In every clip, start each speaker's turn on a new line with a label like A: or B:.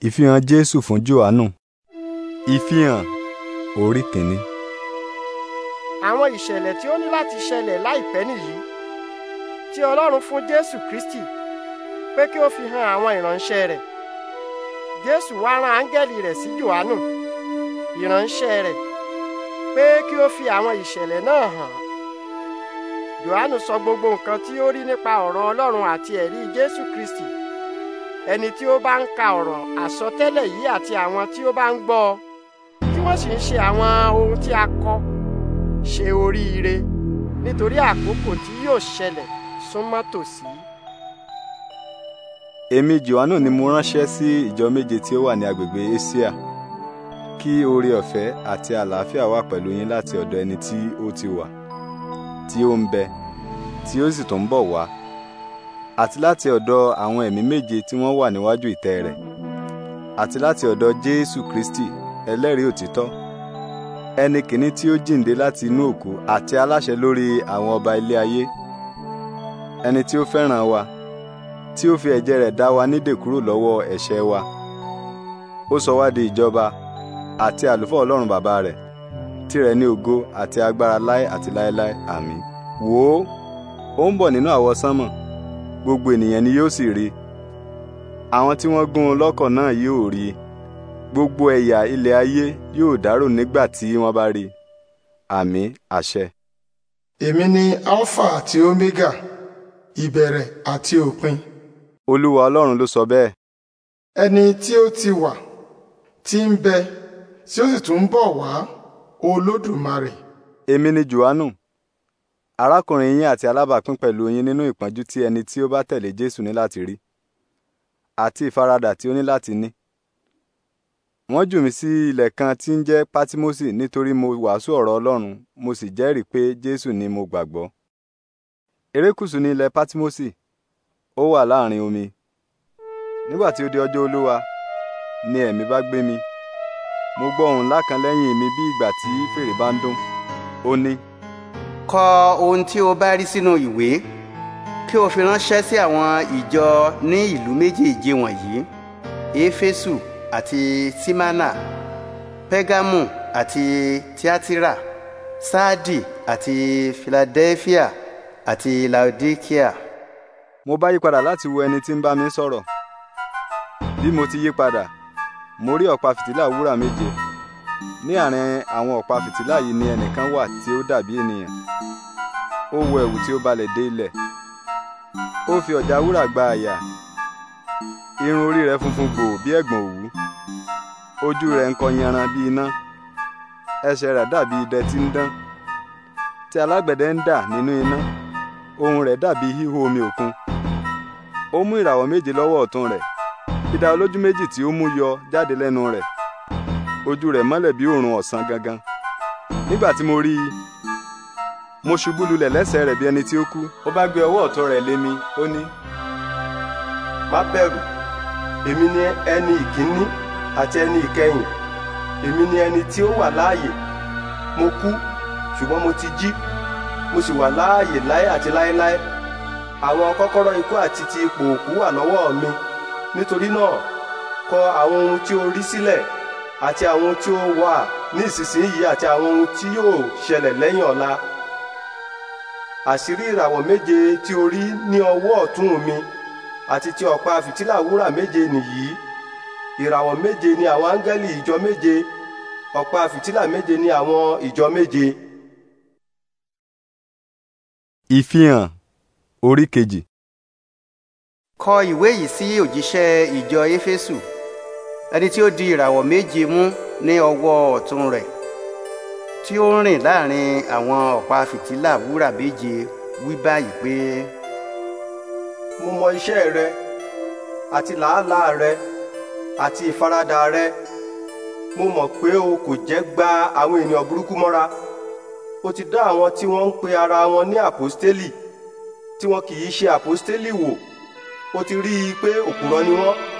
A: ìfihàn jésù fún johanu ìfihàn orí kìíní.
B: àwọn ìṣẹ̀lẹ̀ tí ó ní láti ṣẹlẹ̀ láìpẹ́ nìyí tí ọlọ́run fún jésù kristi pé kí ó fi hàn àwọn ìránṣẹ́ rẹ̀ jésù wá rán áńgẹ́lì rẹ̀ sí johanu ìránṣẹ́ rẹ̀ pé kí ó fi àwọn ìṣẹ̀lẹ̀ náà hàn johanu sọ gbogbo nǹkan tí ó rí nípa ọ̀rọ̀ ọlọ́run àti ẹ̀rí jésù kristi ẹni tí ó bá ń ka ọ̀rọ̀ àsọtẹ́lẹ̀ yìí àti àwọn tí ó bá ń gbọ́ ọ tí wọ́n sì ń ṣe àwọn ohun tí a kọ ṣe oríire nítorí àkókò tí yóò ṣẹlẹ̀ súnmọ́ tòsí.
A: èmi Jòhánù ni mo ránṣẹ́ sí ìjọ méje tí ó wà ní agbègbè Asia kí oore ọ̀fẹ́ àti àlàáfíà wà pẹ̀lú yín láti ọ̀dọ̀ ẹni tí ó ti wà tí ó ń bẹ tí ó sì tún bọ̀ wá àti láti ọ̀dọ̀ àwọn ẹ̀mí méje tí wọ́n wà níwájú ìtẹ́ rẹ̀ àti láti ọ̀dọ̀ Jésù Kristi ẹlẹ́rìí òtítọ́ ẹni kìíní tí ó jíǹde láti inú òkú àti aláṣẹ lórí àwọn ọba ilé ayé ẹni tí ó fẹ́ràn wa tí ó fi ẹ̀jẹ̀ rẹ̀ dá wa nídè kúrò lọ́wọ́ ẹ̀ṣẹ̀ wa ó sọ wá di ìjọba àti àlùfọ́ Ọlọ́run bàbá rẹ̀ tirẹ̀ ní ògo àti agbára láé àti láéláé àmín wò ó ó ń bọ̀ nínú àwọsánmọ̀ gbogbo ènìyàn ni yóò sì rí i àwọn tí wọ́n gún un lọ́kọ̀ náà yóò rí i gbogbo ẹ̀yà ilẹ̀ ayé yóò dárò nígbà tí wọ́n bá rí i àṣẹ. èmi ni alpha àti omega
C: ìbẹ̀rẹ̀ àti òpin.
A: olúwa ọlọ́run ló sọ bẹ́ẹ̀.
C: ẹni tí ó ti wà tí ń bẹ tí ó sì tún ń bọ̀ wá
A: olódùmarè. èmi ni johannu arákùnrin yín àti alábàápín pẹ̀lú yín nínú ìpọ́njú tí ẹni tí ó bá tẹ̀lé Jésù ní láti rí àti ìfaradà tí ó ní láti ní. Wọ́n jù mí sí ilẹ̀ kan tí ń jẹ́ Pátímọ́sì nítorí mo wàásù ọ̀rọ̀ Ọlọ́run mo sì jẹ́rìí pé Jésù ni mo gbàgbọ́. Erékùṣù ní ilẹ̀ Pátímọ́sì ó wà láàrin omi. Nígbà tí ó di ọjọ́ Olúwa ni ẹ̀mí bá gbé mi. Mo gbọ́ ohùn ńlá kan lẹ́yìn mi bí ìgbà tí
D: fèrè bá ń dún. Ó ní kọ ohun tí o bá rí sínú ìwé kí o fi ránṣẹ́ sí àwọn ìjọ ní ìlú méjèèje wọ̀nyí éfésù àti símánà pẹ́gámù àti tíátírà sáàdì àti filadelfia àti laodikia. mo bá yí padà láti wo ẹni tí ń bá mi sọ̀rọ̀ bí mo
A: ti yí padà mo rí ọ̀pá fìtílà wúrà méje ní àárín àwọn ọ̀pá fìtílà yìí ni ẹnìkan wà tí ó dàbí ènìyàn ó wọ ẹ̀wù tí ó balẹ̀ dé ilẹ̀ ó fi ọ̀já wúrà gba àyà irun orí rẹ̀ funfun gbòò bí ẹ̀gbọ̀n òwú ojú rẹ̀ ń kọ yanran bí iná ẹsẹ̀ rẹ̀ dàbí idẹ tí ń dán tí alágbẹ̀dẹ ń dà nínú iná ohùn rẹ̀ dàbí híhó omi òkun ó mú ìràwọ̀ méje lọ́wọ́ ọ̀tún rẹ̀ idà olójú méjì tí ó mú yọ jáde lẹ́nu rẹ̀ ojú rẹ̀ mọ́lẹ̀ bí òòrùn ọ̀sán gangan nígbà tí mo rí i mo ṣubú lulẹ̀ lẹ́sẹ̀ rẹ̀ bí ẹni tí ó kú ó bá gbé ọwọ́ ọ̀tọ́ rẹ̀ lé mi ó ní. má bẹ̀rù èmi ni ẹni ìkíní àti ẹni ìkẹyìn èmi ni ẹni tí ó wà láàyè mo kú ṣùgbọ́n mo ti jí mo sì wà láàyè láé àti láéláé àwọn kọ́kọ́rọ́ ikú àti ti ipò òkú wà lọ́wọ́ mi nítorí náà kọ àwọn ohun tí o rí sílẹ̀ àti àwọn ohun tí ó wà ní ìsinsìnyí àti àwọn ohun tí yóò ṣẹlẹ̀ lẹ́yìn ọ̀la àṣírí ìràwọ̀ méje tí o rí ní ọwọ́ ọ̀tún mi àti ti ọ̀pá fìtílà méje nìyí ìràwọ̀ méje ni àwọn áńgẹ́lì ìjọ méje ọ̀pá fìtílà méje ni àwọn ìjọ méje. ìfihàn orí kejì.
D: kọ ìwé yìí sí òjíṣẹ́ ìjọ éfésù ẹni tí ó di ìràwọ̀ méje mú ní ọwọ́ ọ̀tún rẹ̀ tí ó ń rìn láàrin àwọn ọ̀pá fìtílà wúrà méje wí báyìí pé.
A: mo mọ iṣẹ́ rẹ àti làálàá rẹ àti ìfaradà rẹ mo mọ̀ pé o kò jẹ́ gba àwọn ènìyàn burúkú mọ́ra o ti dá àwọn tí wọ́n ń pe ara wọn ní àpọ́stélì tí wọn kì í ṣe àpọ́stélì wò o ti rí i pé òpùrọ́ ni wọ́n. Mm -hmm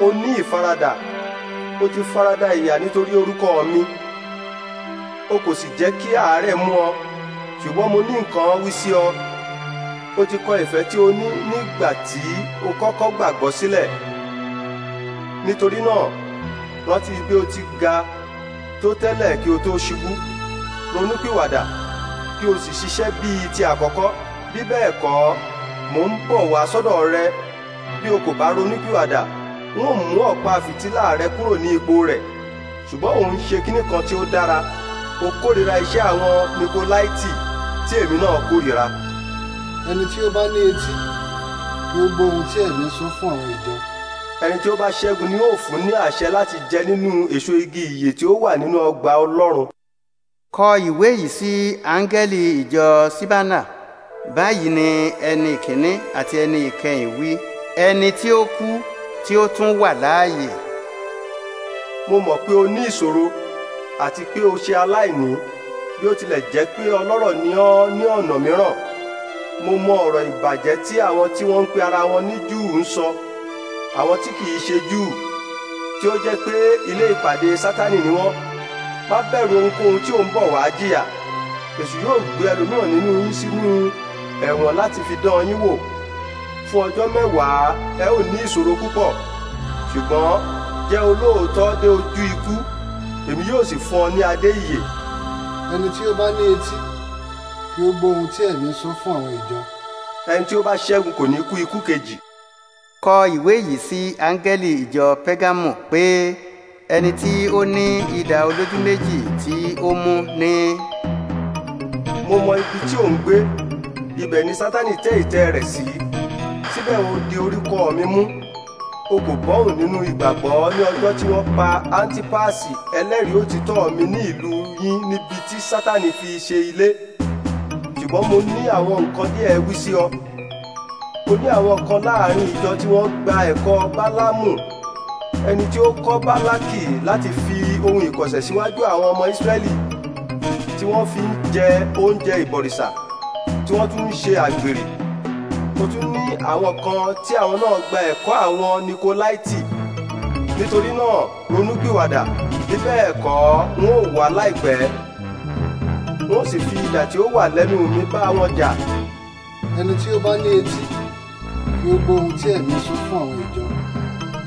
A: o ní ìfaradà o ti farada ìyà nítorí orúkọ mi o kò sì jẹ́ kí àárẹ̀ mú ọ ṣùgbọ́n mo ní nǹkan wí sí ọ o ti kọ ìfẹ́ tí o ní nígbà tí o kọ́kọ́ gbàgbọ́ sílẹ̀ nítorí náà rántí bí o ti ga tó tẹ́lẹ̀ kí o tó ṣubú ronúpìwàdà kí o sì ṣiṣẹ́ bíi ti àkọ́kọ́ bí bẹ́ẹ̀ kọ́ mò ń bọ̀ wá sọ́dọ̀ rẹ bí o kò bá ronúpìwàdà n ó mú ọ̀pá fìtílà rẹ kúrò ní ipò rẹ̀ ṣùgbọ́n òun ṣe kíní kan tí ó dára ó kórìíra iṣẹ́ àwọn nikolaiti tí èmi náà kórìíra. ẹni tí ó bá ní etí kí ó ohun tí ẹ̀mí sọ fún àwọn ìjọ. ẹni tí ó bá ṣẹ́gun
E: ni
D: yóò fún ní àṣẹ láti jẹ nínú èso igi ìyè tí ó wà nínú ọgbà ọlọ́run. kọ ìwé yìí sí áńgẹ́lì ìjọ síbánà báyìí ni ẹni ìkíní àti ẹni ìkẹyìn wí ẹni tí ó kú tí ó tún wà láàyè. mo mọ̀ pé o ní ìṣòro àti pé o ṣe aláìní
A: bí ó tilẹ̀ jẹ́ pé ọlọ́rọ̀ ni ọ́ ní ọ̀nà mìíràn mo mọ ọ̀rọ̀ ìbàjẹ́ tí àwọn tí wọ́n ń pe ara wọn ní júù ń sọ àwọn tí kìí ṣe júù tí ó jẹ́ pé ilé ìpàdé sátani ni wọ́n má bẹ̀rù ohunkóhun tí ò bọ̀ wá jìyà èṣù yóò gbé ẹlòmíràn nínú yín sínú ẹ̀wọ̀n láti fi dán yín wò fún ọjọ́ mẹ́wàá ẹ ò ní ìṣòro púpọ̀ ṣùgbọ́n
F: jẹ́ olóòótọ́ dé ojú ikú èmi yóò sì fún ọ ní adé ìyè.
D: ẹni tí ó bá ní etí kí ó gbọ́ ohun tí ẹ̀mí sọ fún àwọn ìjọ. ẹni tí ó bá ṣẹ́gun kò ní kú ikú kejì. kọ ìwé yìí sí áńgẹ́lì ìjọ pẹ́gámù pé ẹni tí ó ní idà olójú méjì tí ó mú ní. mo mọ ibi tí ò ń gbé ibẹ̀ ni sátánì tẹ́
A: ìtẹ́ rẹ̀ sí. Si síbẹ̀ o de orúkọ mi mú o kò bọ́hùn nínú ìgbàgbọ́ ní ọjọ́ tí wọ́n pa antipasi ẹlẹ́rìí òtítọ́ mi ní ìlú yín níbi tí sátani fi ṣe ilé ṣùgbọ́n mo ní àwọn nǹkan díẹ̀ wí sí ọ
E: mo ní àwọn kan láàrin ìjọ tí wọ́n gba ẹ̀kọ́ bálámù
A: ẹni tí ó kọ́ bálákì láti fi ohun ìkọ̀sẹ̀ síwájú àwọn ọmọ ìsírẹ́lì tí wọ́n fi ń jẹ oúnjẹ ìbọ̀rìṣà tí wọ́n tún ń ṣe àgbèrè ó tún ní àwọn kan tí àwọn náà gba ẹ̀kọ́ àwọn Nikolaiti nítorí náà ronúpìwàdà bí bẹ́ẹ̀ kọ́ wọn ò wá láìpẹ́ wọn ò sì fi idà tí ó wà lẹ́nu mi bá wọn jà. ẹni tí ó bá
E: ní etí kí ó gbọ́ ohun tí ẹ̀mí sọ fún àwọn ìjọ.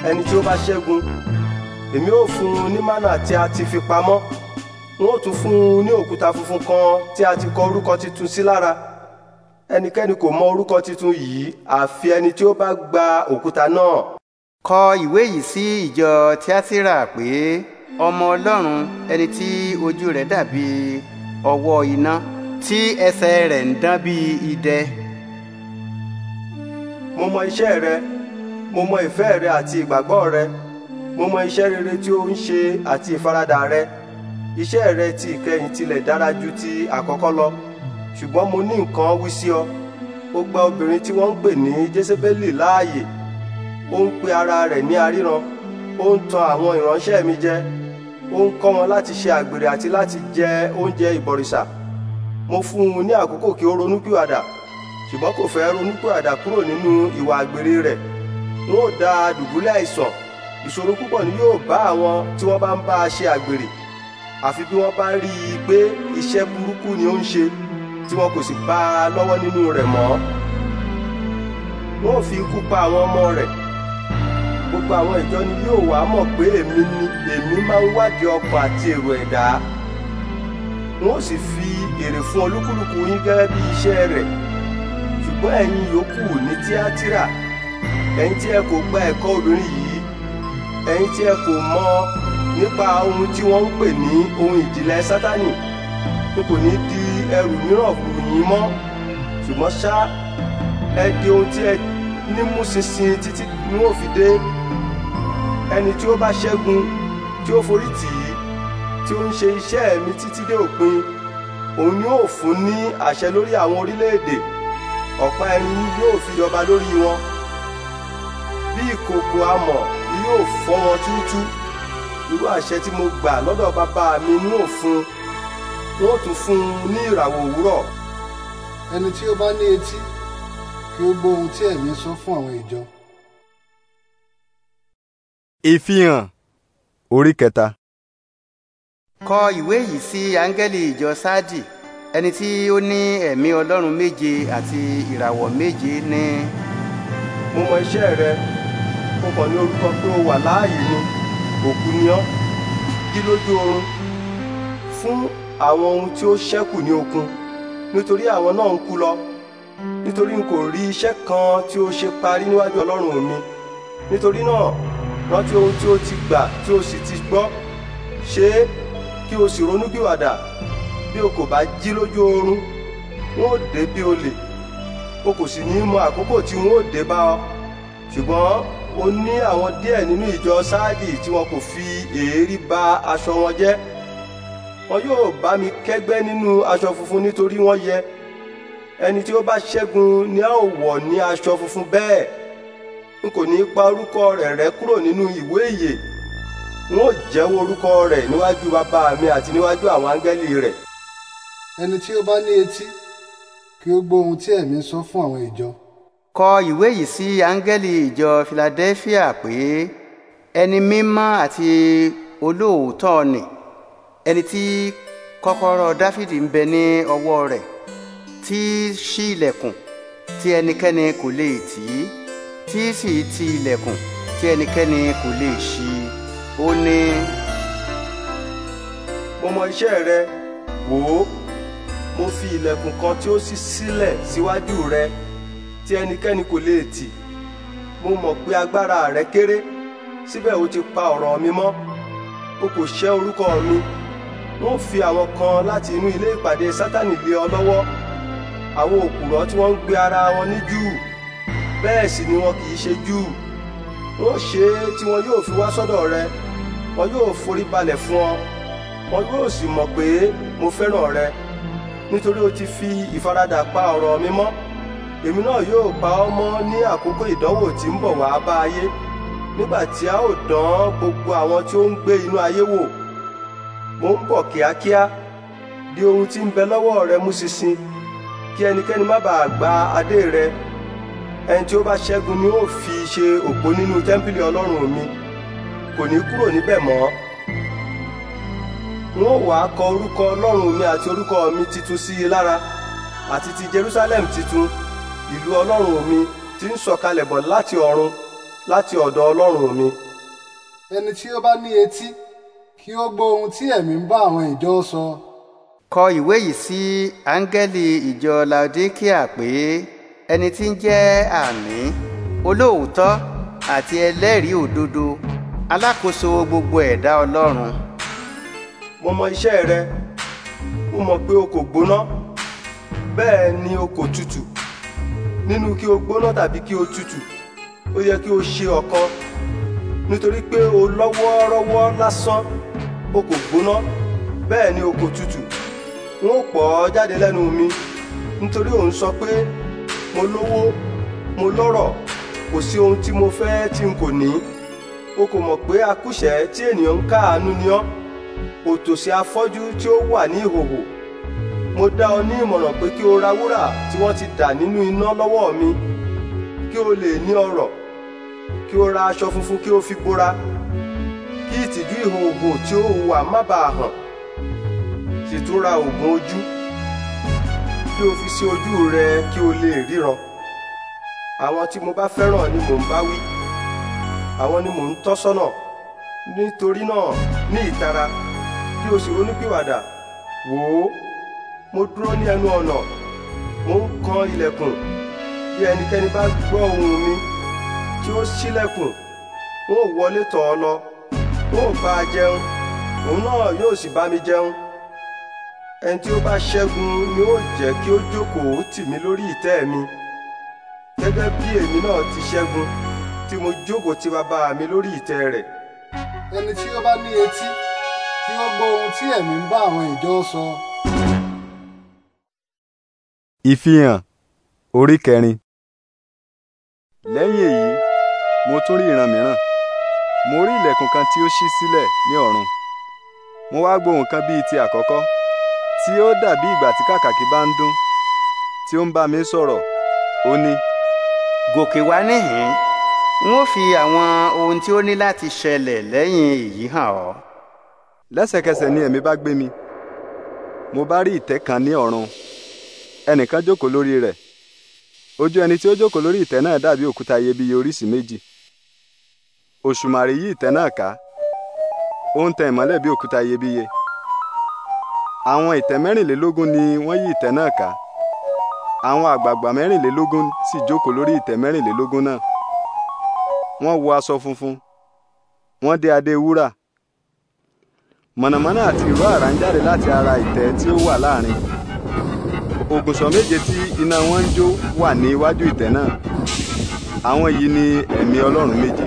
E: ẹni tí ó bá ṣẹ́gun
A: èmi ó fún un ní mánà tí a ti fi pamọ́ wọn ò tún fún un ní òkúta funfun kan tí a ti kọ orúkọ titun sí lára ẹnikẹ́ni kò mọ orúkọ
D: titun yìí àfi ẹni tí ó bá gba òkúta náà. kọ ìwé yìí sí ìjọ tíátírà pé ọmọ ọlọ́run ẹni tí ojú rẹ̀ dàbí ọwọ́ iná tí ẹsẹ̀ rẹ̀ ń dán bí idẹ. mo mọ iṣẹ́ rẹ mo mọ ìfẹ́ rẹ àti ìgbàgbọ́ rẹ
A: mo mọ iṣẹ́ rere tí ó ń ṣe àti ìfaradà rẹ iṣẹ́ rẹ ti ìkẹyìn tilẹ̀ dára ju ti àkọ́kọ́ lọ ṣùgbọ́n mo ní nǹkan wí sí ọ ó gba obìnrin tí wọ́n ń pè ní jésébélì láàyè ó ń pe ara rẹ̀ ní aríran ó ń tan àwọn ìránṣẹ́ mi jẹ ó ń kọ́ wọn láti ṣe àgbèrè àti láti jẹ oúnjẹ ìbọ̀rìṣà mo fún un ní àkókò kí ó ronúpìwàdà ṣùgbọ́n kò fẹ́ ronúpìwàdà kúrò nínú ìwà àgbèrè rẹ̀ n ó da dùbúlẹ̀ àìsàn ìṣòro púpọ̀ ni yóò bá àwọn tí wọ́n bá ń bá a ṣe àgbèrè àfi bí wọ́n bá rí i pé iṣẹ́ burúkú ni ó ń ṣe tí wọn kò sì bá a lọ́wọ́ nínú rẹ̀ mọ́ wọn ò fi ikú pa àwọn ọmọ rẹ̀ gbogbo àwọn ìjọ ni yóò wá mọ̀ pé èmi ni èmi máa ń wádìí ọkàn àti èrò ẹ̀dá wọn ò sì fi èrè fún olúkúlùkù yín gẹ́gẹ́ bí iṣẹ́ rẹ̀ ṣùgbọ́n ẹ̀yin yòókù ní tíátírà ẹ̀yin tí ẹ kò gba ẹ̀kọ́ obìnrin yìí ẹ̀yin tí ẹ kò mọ̀ nípa ohun tí wọ́n ń pè ní ohun ìjìnlẹ̀ sátánì n kò ní di ẹrù mìíràn kù yín mọ́ ṣùgbọ́n ṣá ẹ di ohun tí ẹ nímú ṣinṣin títí ni wọ́n fi dé ẹni tí ó bá ṣẹ́gun tí ó forí tì í tí ó ń ṣe iṣẹ́ mi títí dé òpin òun yóò fún ní àṣẹ lórí àwọn orílẹ̀-èdè ọ̀pá ẹni yóò fi yọba lórí wọn bí ìkòkò amọ̀ yóò fọ́ wọn túútúú irú àṣẹ tí mo gbà lọ́dọ̀ bàbá mi ní òfin
F: wọn ó tún fún un ní ìràwọ̀ òwúrọ̀. ẹni tí ó bá ní etí
D: kí ó gbọ́ ohun tí ẹ̀mí sọ fún àwọn ìjọ.
A: ìfihàn orí kẹta.
D: kọ ìwé yìí sí áńgẹ́lì ìjọ sádì ẹni tí ó ní ẹ̀mí ọlọ́run méje àti ìràwọ̀ méje ní. mo mọ iṣẹ́ rẹ mo kàn ní orúkọ pé wà láàyè
A: ni òkú ni ọ́ jí lójú oorun fún àwọn ohun tí ó ṣẹ́kù ní okun nítorí àwọn náà ń kú lọ nítorí n kò rí iṣẹ́ kan tí ó ṣe parí níwájú ọlọ́run mi nítorí náà rántí ohun tí ó ti gbà tí ó sì ti gbọ́ ṣe é kí o sì ronúpìwàdà bí o kò bá jí lójú oorun wọn ò dé bí olè o kò sì ní mọ àkókò tí wọn ò dé bá ọ ṣùgbọ́n o ní àwọn díẹ̀ nínú ìjọ sáàdì tí wọn kò fi èérí ba aṣọ wọn jẹ́ wọn yóò bá mi kẹ́gbẹ́ nínú aṣọ funfun nítorí wọ́n yẹ ẹni tí ó bá ṣẹ́gun ni a ó wọ̀ ní aṣọ funfun bẹ́ẹ̀ n kò ní í pa orúkọ rẹ̀ rẹ́ kúrò nínú ìwé ìyè n ó jẹ́wọ́ orúkọ rẹ̀ níwájú bàbá mi àti níwájú àwọn áńgẹ́lì rẹ̀.
D: ẹni tí ó bá ní etí kí ó gbọ́ ohun tí ẹ̀mí sọ fún àwọn ìjọ. kọ ìwé yìí sí áńgẹ́lì ìjọ Philadelphia pé ẹni mímọ́ àti olóòótọ́ ni ẹni tí kọ́kọ́rọ́ dáfídì ń bẹ ní ọwọ́ rẹ̀ tí ṣí ilẹ̀kùn tí ẹnikẹ́ni kò lè tì í tí sì ti ilẹ̀kùn tí ẹnikẹ́ni kò lè ṣí i ó ní. mo mọ iṣẹ́ rẹ
A: wò ó mo fi ilẹ̀kùn kan tí ó ṣí sílẹ̀ síwájú rẹ tí ẹnikẹ́ni kò lè tì mo mọ̀ pé agbára rẹ kéré síbẹ̀ o ti pa ọ̀rọ̀ mi mọ́ o kò ṣẹ́ orúkọ mi ó fi àwọn kan láti inú ilé ìpàdé sátánì lé ọ lọ́wọ́ àwọn òkùrọ̀ tí wọ́n ń gbé ara wọn ní júù bẹ́ẹ̀ sì ni wọn kì í ṣe júù wọ́n ṣe é tí wọn yóò fi wá sọ́dọ̀ rẹ wọn yóò forí balẹ̀ fún ọ wọn yóò sì mọ̀ pé mo fẹ́ràn rẹ nítorí o ti fi ìfaradà pa ọ̀rọ̀ mi mọ́ èmi náà yóò pa ọ́ mọ́ ní àkókò ìdánwò tí ń bọ̀ wá bá ayé nígbà tí a ó dán gbogbo àwọn tí ó ń gbé inú ayé wò mo ń bọ̀ kíákíá di ohun tí ń bẹ lọ́wọ́ rẹ mú ṣinṣin kí ẹnikẹ́ni má bàa gba adé rẹ ẹni tí ó bá ṣẹ́gun ni ó fi ṣe òpó nínú tẹ́ḿpìlì ọlọ́run mi kò ní kúrò níbẹ̀ mọ́ wọn ò wá kọ orúkọ ọlọ́run mi àti orúkọ mi titun sí i lára àti ti Jerusalem titun ìlú ọlọ́run mi tí ń sọ̀kalẹ̀ bọ̀ láti ọ̀run láti ọ̀dọ̀ ọlọ́run mi.
D: ẹni tí ó bá ní etí kí ó gbọ́ ohun tí ẹ̀mí ń bá àwọn ìjọ sọ. kọ ìwé yìí sí áńgẹ́lì ìjọ laodikia pé ẹni tí ń jẹ́ àmì olóòótọ́ àti ẹlẹ́rìí òdodo alákòóso gbogbo ẹ̀dá ọlọ́run. mo mọ iṣẹ́ rẹ mo mọ̀ pé o kò gbóná bẹ́ẹ̀ ni o kò tutù nínú
A: kí o gbóná tàbí kí o tutù ó yẹ kí o ṣe ọ̀kan nítorí pé o lọ́wọ́ọ́rọ́wọ́ lásán o kò gbóná bẹ́ẹ̀ ni o kò tutù n ó pọ̀ ọ́ jáde lẹ́nu mi nítorí ò ń sọ pé mo lówó mo lọ́rọ̀ kò sí ohun tí mo fẹ́ tí n kò ní o kò mọ̀ pé akúṣẹ̀ tí ènìyàn ń káàánú ni ọ́ òtòṣì afọ́jú tí ó wà ní ìhòhò mo dá ọ ní ìmọ̀ràn pé kí o ra wúrà tí wọ́n ti dà nínú iná lọ́wọ́ mi kí o lè ní ọrọ̀ kí o ra aṣọ funfun kí o fi bora kí ìtìjú ìhòòhò tí ó hùwà má bàa hàn sì ra oògùn ojú kí o fi sí ojú rẹ kí o lè ríran àwọn tí mo bá fẹ́ràn ni mò ń bá wí àwọn ni mò ń tọ́ sọ́nà nítorí náà ní ìtara kí o sì ronúpìwàdà wò ó mo dúró ní ẹnu ọ̀nà mo ń kan ilẹ̀kùn bí ẹnikẹ́ni bá gbọ́ ohùn mi tí ó ṣílẹ̀kùn ó wọlé tọ̀ ọ́ lọ tó ń bá a jẹun òun náà yóò sì bá mi jẹun ẹni tí ó bá ṣẹ́gun ni ó jẹ́ kí ó jókòó tì mí lórí ìtẹ́ mi gẹ́gẹ́ bí èmi náà ti ṣẹ́gun tí mo jókòó ti bàbá mi lórí ìtẹ́ rẹ̀.
F: ẹni tí ó bá ní etí kí ó gbọ́ ohun tí ẹ̀mí ń bá àwọn ìjọ sọ.
A: ìfihàn orí kẹrin lẹ́yìn èyí mo tún rí ìran mìíràn mo rí ilẹ̀kùn kan tí ó ṣí sílẹ̀ ní ọ̀run mo wá gbóhùn kan bíi ti àkọ́kọ́ tí
D: ó dàbí ìgbà tí kàkàkí bá ń dún tí ó ń bá mi sọ̀rọ̀ ó ní. gòkè wá níhìn-ín n ó fi àwọn ohun tí ó ní láti ṣẹlẹ̀ lẹ́yìn èyí hàn ọ́. lẹ́sẹ̀kẹsẹ̀ ni ẹ̀mí bá gbé mi mo
A: bá rí ìtẹ́ kan ní ọ̀run ẹnìkan jókòó lórí rẹ̀ ojú ẹni tí ó jókòó lórí ìtẹ́ náà dàbí òkúta iyebíye oríṣìí méjì òṣùmàrè yí ìtẹ́ náà ká ó ń tẹ ìmọ́lẹ̀ bí òkúta iyebíye àwọn ìtẹ́ mẹ́rìnlélógún ni wọ́n yí ìtẹ́ náà ká àwọn àgbààgbà mẹ́rìnlélógún sì jókòó lórí ìtẹ́ mẹ́rìnlélógún náà wọ́n wọ aṣọ funfun wọ́n dé adé wúrà mọ̀nàmọ́ná àti ìró àrá ń jáde láti ara ìtẹ́ tí ó wà láàrin ògùnṣọ̀ méje tí iná wọn ń jó wà ní iwájú ìtẹ́ náà àwọn yìí ni ẹ̀mí ọlọ́run méje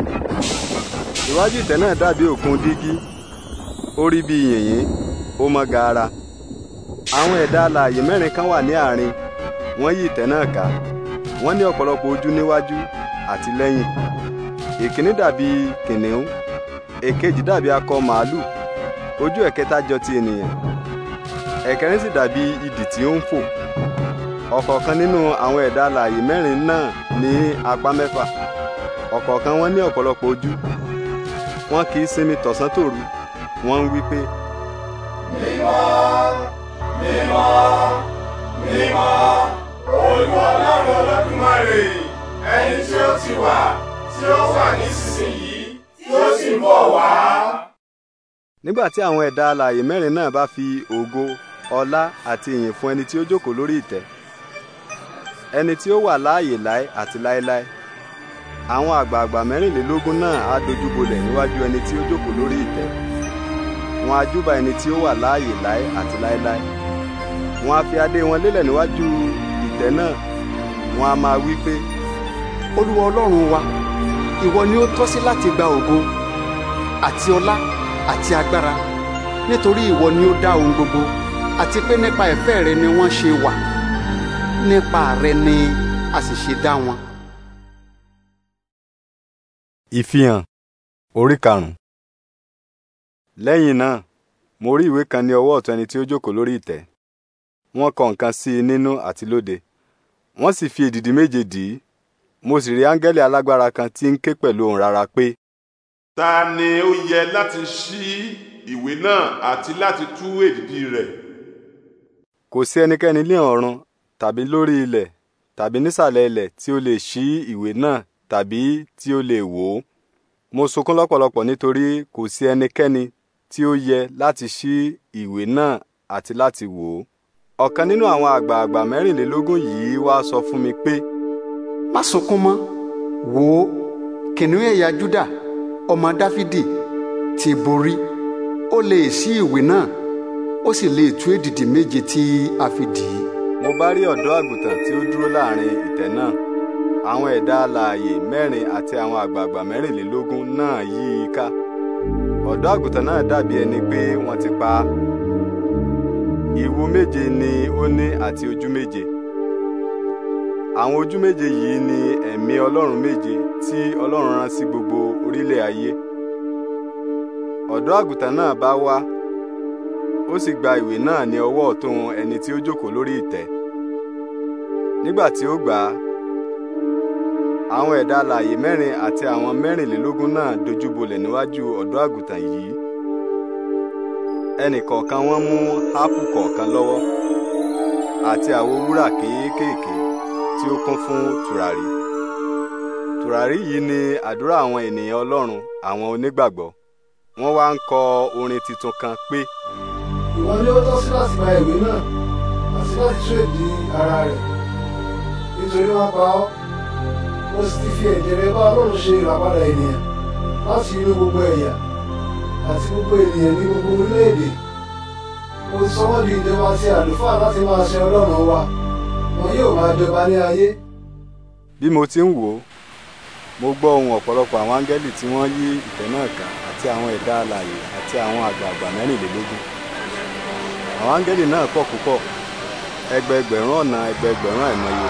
A: iwájú ìtẹ́ náà dàbí òkun dígí ó rí bí yìnyín ó mọ́ gaara àwọn ẹ̀dá alààyè mẹ́rin kan wà ní àárín wọ́n yí ìtẹ́ náà ká wọ́n ní ọ̀pọ̀lọpọ̀ ojú níwájú àti lẹ́yìn ìkíní dàbí kìnìún èkejì dàbí akọ màálù ojú ẹ̀kẹta jọ ti ènìyàn ẹ̀kẹrin sì dàbí idì tí ó ń fò ọ̀kọ̀ọ̀kan nínú àwọn ẹ̀dá alààyè mẹ́rin náà ní apá mẹ́fà ọ̀kọ̀ọ̀kan wọn ní ọ̀pọ̀lọpọ̀ ojú wọn kì í sinmi tọ̀sán tòru wọ́n ń wí pé. mímọ́ mímọ́ mímọ́ olú ọlọ́run olódùmarè
C: ẹni tí ó ti wà tí ó wà nísinsìnyí tí ó sì ń bọ̀ wá.
A: nígbà tí àwọn ẹ̀dá alààyè mẹ́rin náà bá fi ògo ọlá àti ìyìn fún ẹni tí ó jókòó lórí ìtẹ́ ẹni tí ó wà láàyè láé àti láéláé. Láé àwọn àgbààgbà mẹ́rìnlélógún náà á dojúbolẹ̀ níwájú ẹni tí ó jókòó lórí ìtẹ́ wọn á júbà ẹni tí ó wà láàyè láé àti láéláé wọn á fi adé wọn lélẹ̀ níwájú ìtẹ́ náà wọn á máa wí pé olúwa ọlọ́run wa ìwọ ni ó tọ́ sí láti gba ògo
E: àti ọlá àti agbára nítorí ìwọ ni ó dá ohun gbogbo àti pé nípa ìfẹ́ rẹ ni wọ́n ṣe wà nípa rẹ ni a sì ṣe dá wọn
A: ìfihàn orí karùn-ún. lẹ́yìn náà mo rí ìwé kan ní ọwọ́ ọ̀tún ẹni tí ó jókòó lórí ìtẹ́ wọ́n kọ nǹkan sí i nínú àti lóde wọ́n sì fi èdìdì méje dì í mo sì rí áńgẹ́lì alágbára kan tí ń ké pẹ̀lú ohùn rara pé. ta ni ó
G: yẹ láti ṣí ìwé náà àti láti tú èdìdì rẹ̀.
A: kò sí ẹnikẹ́ni ní ọ̀run tàbí lórí ilẹ̀ tàbí nísàlẹ̀ ilẹ̀ tí ó lè ṣí ìwé náà tàbí tí ó lè wò ó. mo sunkún lọ́pọ̀lọpọ̀ nítorí kò sí ẹnikẹ́ni tí ó yẹ láti ṣí ìwé náà àti láti wò ó. ọ̀kan nínú àwọn àgbààgbà mẹ́rìnlélógún yìí wá sọ fún mi pé. má sunkún mọ́ wò ó kìnìún ẹ̀yà Júdà ọmọ Dáfídì
H: ti borí ó lè ṣí ìwé náà ó sì lè tú èdìdì méje tí a fi dì í.
A: mo bá rí ọ̀dọ́ àgùntàn tí ó dúró láàrin ìtẹ́ náà àwọn ẹ̀dá alààyè mẹ́rin àti àwọn àgbààgbà mẹ́rìnlélógún náà yí i ká ọ̀dọ́ àgùntàn náà dàbí ẹni pé wọ́n ti pa á ìwo méje ni ó ní àti ojú méje àwọn ojú méje yìí ni ẹ̀mí ọlọ́run méje tí ọlọ́run rán sí gbogbo orílẹ̀ ayé ọ̀dọ́ àgùntàn náà bá wá ó sì gba ìwé náà ní ọwọ́ ọ̀tún ẹni tí ó jókòó lórí ìtẹ́ nígbà tí ó gbà á àwọn ẹ̀dá alààyè mẹ́rin àti àwọn mẹ́rìnlélógún náà dojúbolẹ̀ níwájú ọ̀dọ́ àgùntàn yìí ẹnì kọ̀ọ̀kan wọ́n mú ápù kọ̀ọ̀kan lọ́wọ́ àti àwo wúrà kéékèèké tí ó kún fún tùràrí tùràrí yìí ni àdúrà àwọn ènìyàn ọlọ́run àwọn onígbàgbọ́ wọ́n wá ń kọ orin tuntun kan pé.
F: ìwọ ni ó tọ́ sí láti gba ìwé náà àti láti tún ara rẹ̀ nítorí wọ́n pa ọ́ ó sì ti fi ẹ̀jẹ̀ rẹ̀ bá ọlọ́run ṣe ìràpadà ènìyàn láti inú gbogbo ẹ̀yà àti gbogbo ènìyàn ní gbogbo orílẹ̀-èdè ó ti sọ wọ́n di ìjọba ti àlùfáà láti máa ṣe ọlọ́run wa wọn yóò máa jọba ní ayé. bí
A: mo ti ń wò ó mo gbọ́ ohùn ọ̀pọ̀lọpọ̀ àwọn áńgẹ́lì tí wọ́n yí ìtẹ́ náà ká àti àwọn ẹ̀dá alààyè àti àwọn àgbààgbà mẹ́rìnlélógún àwọn áńgẹ́lì náà pọ̀ púpọ̀ ẹgbẹẹgbẹ̀rún ọ̀nà ẹgbẹẹgbẹ̀rún àìmọye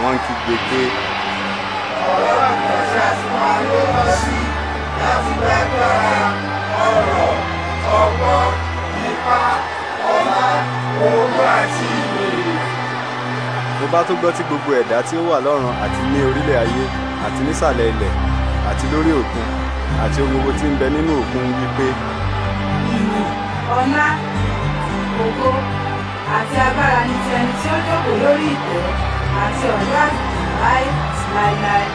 A: wọ́n ń kígbe pé tí a ti máa lé lọ sí láti
C: lágbára ọ̀rọ̀ ọgbọ́n ipá ọlá
A: owó àti ìbéèrè. mo bá tún gbọ́ tí gbogbo ẹ̀dá tí ó wà lọ́run àti ní orílẹ̀ ayé àti nísàlẹ̀ ilẹ̀ àti lórí òkun àti ohun gbogbo tí ń bẹ nínú òkun wípé. ìyìn
I: ọlá ògo àti agbára ni ti tí ó jókòó lórí ìtẹ́ àti ọ̀dọ́ àti láé
J: láéláé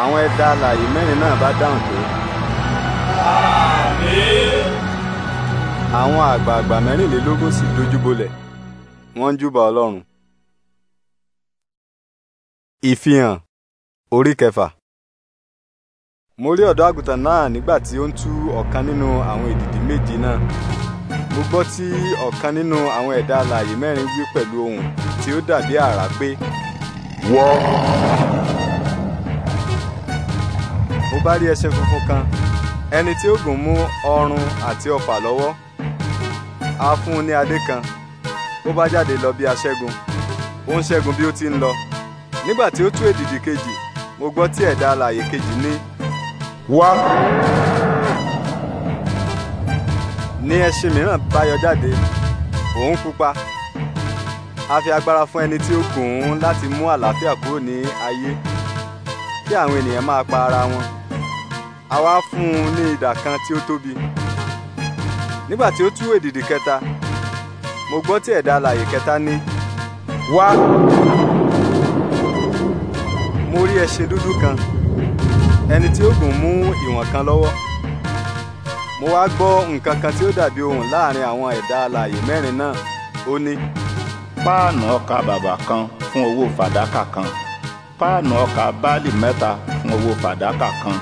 A: àwọn ẹ̀dá alààyè mẹ́rin náà bá dáhùn pé. àmín. àwọn àgbààgbà mẹ́rìnlélógún sì dojúbolẹ̀ wọ́n ń júbà ọlọ́run. ìfihàn orí kẹfà. mo rí ọ̀dọ́ àgùntàn náà nígbà tí ó ń tú ọ̀kan nínú àwọn èdìdì méje náà mo gbọ́ tí ọ̀kan nínú àwọn ẹ̀dá alààyè mẹ́rin wí pẹ̀lú ohùn tí ó dàbí àrá pé. wá. Wow mo bá rí ẹṣin funfun kan ẹni tí ó gùn mú ọrùn àti ọfà lọ́wọ́ a fún un ní adé kan ó bá jáde lọ bí aṣẹ́gun ó ń ṣẹ́gun bí ó ti ń lọ nígbà tí ó tú èdìdì kejì mo gbọ́ tí ẹ̀dá alààyè kejì ní. wá. ní ẹṣin mìíràn bá jáde òun pupa a fi agbára fún ẹni tí ó gùn ún láti mú àlàáfíà kúrò ní ayé kí àwọn ènìyàn máa pa ara wọn a wá fún un ní idà kan tí ó tóbi nígbà tí ó tú èdìdì kẹta mo gbọ́ tí ẹ̀dá alààyè kẹta ní wá mo rí ẹṣin dúdú kan ẹni tí ó gùn mú ìwọ̀n kan lọ́wọ́ mo wá gbọ́ nǹkan kan tí ó dàbí ohùn láàrin àwọn ẹ̀dá alààyè mẹ́rin náà ó ní. páànù ọkà bàbà kan fún owó fàdákà kan
E: páànù ọkà báàlì mẹ́ta fún owó fàdákà kan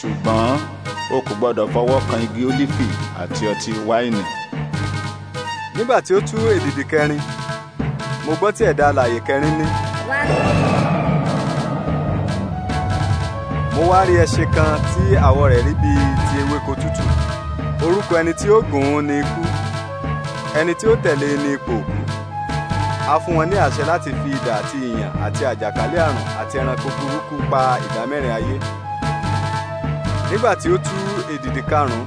E: ṣùgbọ́n o kò
A: gbọ́dọ̀ fọwọ́ kan igi ólífì àti ọtí wáìnì. nígbà tí ó tú èdìdì kẹrin mo gbọ́ tí ẹ̀dá alààyè kẹrin ní. mo wá rí ẹṣin kan tí àwọ̀ rẹ̀ rí bíi ti ewéko tútù orúkọ ẹni tí ó gùn ún ni ikú ẹni tí ó tẹ̀lé e ni ipò òkú a fún wọn ní àṣẹ láti fi idà àti ìyàn àti àjàkálẹ̀ àrùn àti ẹranko burúkú pa ìdá ayé nígbà tí ó tú èdìdì karùn-ún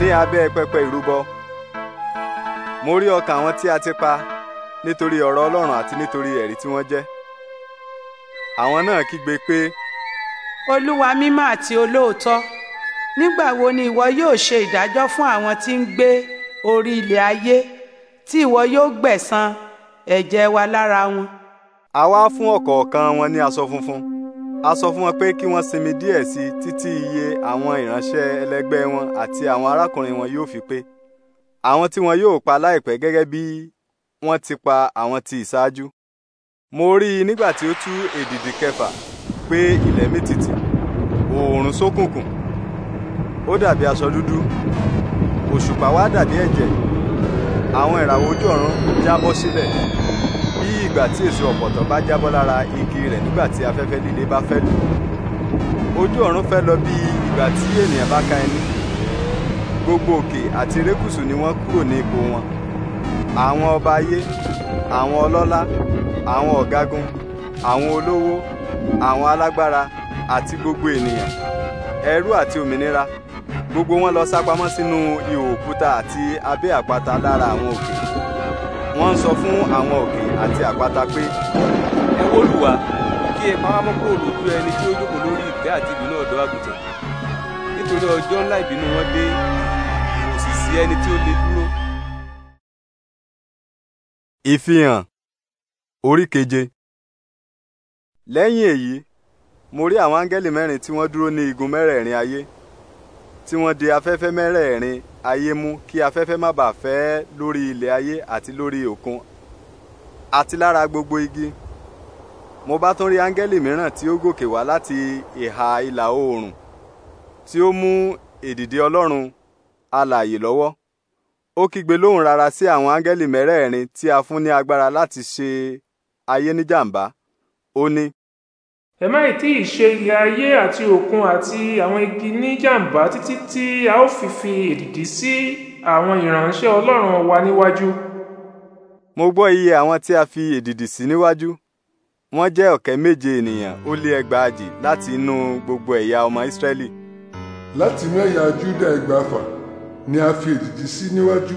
A: ní abẹ́ pẹpẹ ìrúbọ mo rí ọkàn àwọn tí a ti pa nítorí ọ̀rọ̀ ọlọ́run àti nítorí ẹ̀rí tí wọ́n jẹ́ àwọn náà kígbe pé. olúwa mímọ́ àti olóòótọ́
D: nígbà wo ni ìwọ yóò ṣe ìdájọ́ fún àwọn tí ń gbé orí ilẹ̀ ayé tí ìwọ yóò gbẹ̀san ẹ̀jẹ̀ wa lára wọn. àwa fún ọ̀kọ̀ọ̀kan
A: wọn ní aṣọ funfun a sọ fún wọn pé kí wọ́n sinmi díẹ̀ sí i títí iye àwọn ìránṣẹ́ ẹlẹgbẹ́ wọn àti àwọn arákùnrin wọn yóò fi pé àwọn tí wọn yóò pa láìpẹ́ gẹ́gẹ́ bí wọ́n ti pa àwọn ti ìṣáájú mo rí i nígbà tí ó tú èdìdì kẹfà pé ilẹ̀ mìtìtì oòrùn ṣókùnkùn ó dàbí aṣọ dúdú òṣùpá wá dàbí ẹ̀jẹ̀ àwọn ìràwọ̀ ojú ọ̀run jábọ́ sílẹ̀ bí ìgbà tí èso ọ̀pọ̀tọ́ bá jábọ́ lára igi rẹ̀ nígbà tí afẹ́fẹ́ líle bá fẹ́ lù ojú ọ̀run fẹ́ lọ bí ìgbà tí ènìyàn bá ka ẹni gbogbo òkè àti erékùṣù ni wọ́n kúrò ní ipò wọn àwọn ọba ayé àwọn ọlọ́lá àwọn ọ̀gágun àwọn olówó àwọn alágbára àti gbogbo ènìyàn ẹrú àti òmìnira gbogbo wọn lọ sápamọ́ sínú ihò òkúta àti abẹ́ àpáta lára àwọn òkè wọ́n ń sọ fún àwọn òkè àti àpáta pé. ẹ wó lù wá kí ẹ máa mú lójú ẹni tí ó jókòó lórí ìtẹ́ àti ìbínú ọ̀dọ́ àgùntàn nítorí ọjọ́ ńlá ìbínú wọn dé kò sì sí ẹni tí ó lè dúró. ìfihàn orí keje lẹ́yìn èyí mo rí àwọn áńgẹ́lì mẹ́rin tí wọ́n dúró ní igun mẹ́rẹ̀ẹ̀rin ayé tí wọ́n de afẹ́fẹ́ mẹ́rẹ̀ẹ̀rin ayé mú kí afẹ́fẹ́ má bàa fẹ́ lórí ilẹ̀ ayé àti lórí òkun àti lára gbogbo igi mo bá tún rí áńgẹ́lì mìíràn tí ó gòkè wá láti ìhà ìlà oòrùn tí ó mú èdìdì ọlọ́run alààyè lọ́wọ́ ó kígbe lóhùn rara sí àwọn áńgẹ́lì mẹ́rẹ̀ẹ̀rin tí a fún ní agbára láti ṣe ayé níjàmbá ó ní
C: ẹ má tí ì ṣe ìyà ayé àti òkun àti àwọn igi ní jàǹbá títí tí a ó fi fi èdìdí sí àwọn ìránṣẹ́ ọlọ́run wa níwájú.
A: mo gbọ́ iye àwọn tí a fi èdìdì sí níwájú wọ́n jẹ́ ọ̀kẹ́ méje ènìyàn ó lé ẹgbàajì láti inú gbogbo ẹ̀yà ọmọ ìsírẹ́lì.
J: láti inú ẹ̀yà júdà ẹgbàáfà ni a fi èdìdì sí níwájú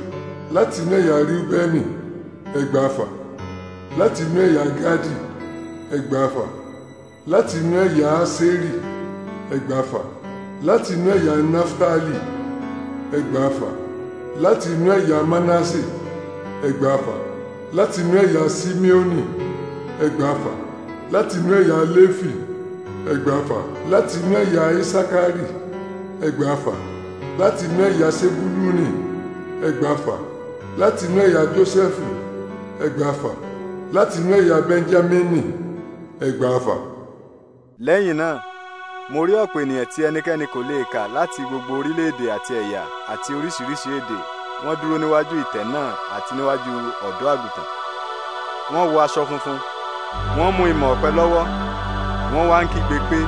J: láti inú ẹ̀yà rúbẹ́nì ẹgbàáfà láti inú ẹ̀yà gádì ẹgbàáfà láti inú ẹ̀yà aseri ẹgbàáfà láti inú ẹ̀yà naftali ẹgbàáfà láti inú ẹ̀yà manase ẹgbàáfà láti inú ẹ̀yà simeoni ẹgbàáfà láti inú ẹ̀yà lefi ẹgbàáfà láti inú ẹ̀yà isakari ẹgbàáfà láti inú ẹ̀yà sebuluni ẹgbàáfà láti inú ẹ̀yà joseph ẹgbàáfà láti inú ẹ̀yà benjamini ẹgbàáfà
A: lẹ́yìn náà mo rí ọ̀pọ̀ ènìyàn tí ẹnikẹ́ni kò lè kà láti gbogbo orílẹ̀-èdè àti ẹ̀yà àti oríṣiríṣi èdè wọ́n dúró níwájú ìtẹ́ náà àti níwájú ọ̀dọ́ àgùntàn wọ́n wọ aṣọ funfun wọ́n mú ìmọ̀ ọ̀pẹ lọ́wọ́ wọ́n wá ń kígbe pé.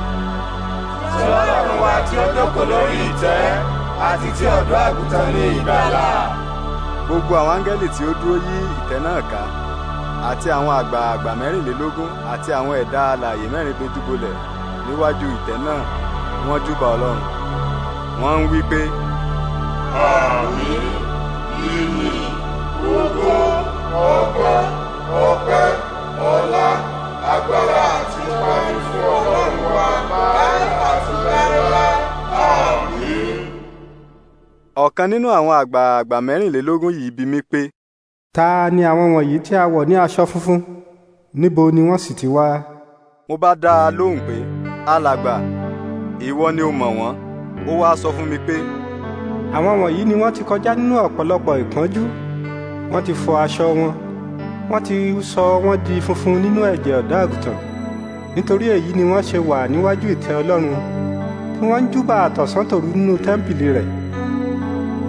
A: tí wa tí ó jókòó lórí ìtẹ́ àti tí ọ̀dọ́ àgùntàn ní ìgbàlà. gbogbo àwọn áńgẹ́lì tí ó dúró yí ìtẹ́ náà ká àti àwọn àgbààgbà mẹ́rìnlélógún àti àwọn ẹ̀dá alààyè mẹ́rin dojúbolẹ̀ níwájú ìtẹ́ náà wọ́n júbà ọlọ́run wọ́n ń wí pé. àmín ìyìn ògo ọgbà ọpẹ́ ọlá
C: agbára àti ìpàdé fún ọlọ́run wa láì àti láéláé àmín.
A: ọ̀kan nínú àwọn àgbààgbà mẹ́rìnlélógún yìí bi mí pé
I: ta ni àwọn wọ̀nyí tí a wọ̀ ní aṣọ funfun níbo ni wọ́n sì ti wá.
A: mo bá dá a lóhùn pé alàgbà ìwọ ni o mọ̀ wọ́n ó wáá sọ fún mi pé. àwọn wọ̀nyí ni wọ́n ti kọjá nínú ọ̀pọ̀lọpọ̀ ìpọ́njú wọ́n ti
I: fọ aṣọ wọn wọ́n ti sọ wọ́n di funfun nínú ẹ̀jẹ̀ ọ̀dọ́ àgùntàn nítorí èyí ni wọ́n ṣe wà níwájú ìtẹ́ ọlọ́run tí wọ́n ń júbà àtọ̀sán tòru nínú tẹ́ḿpìlì rẹ̀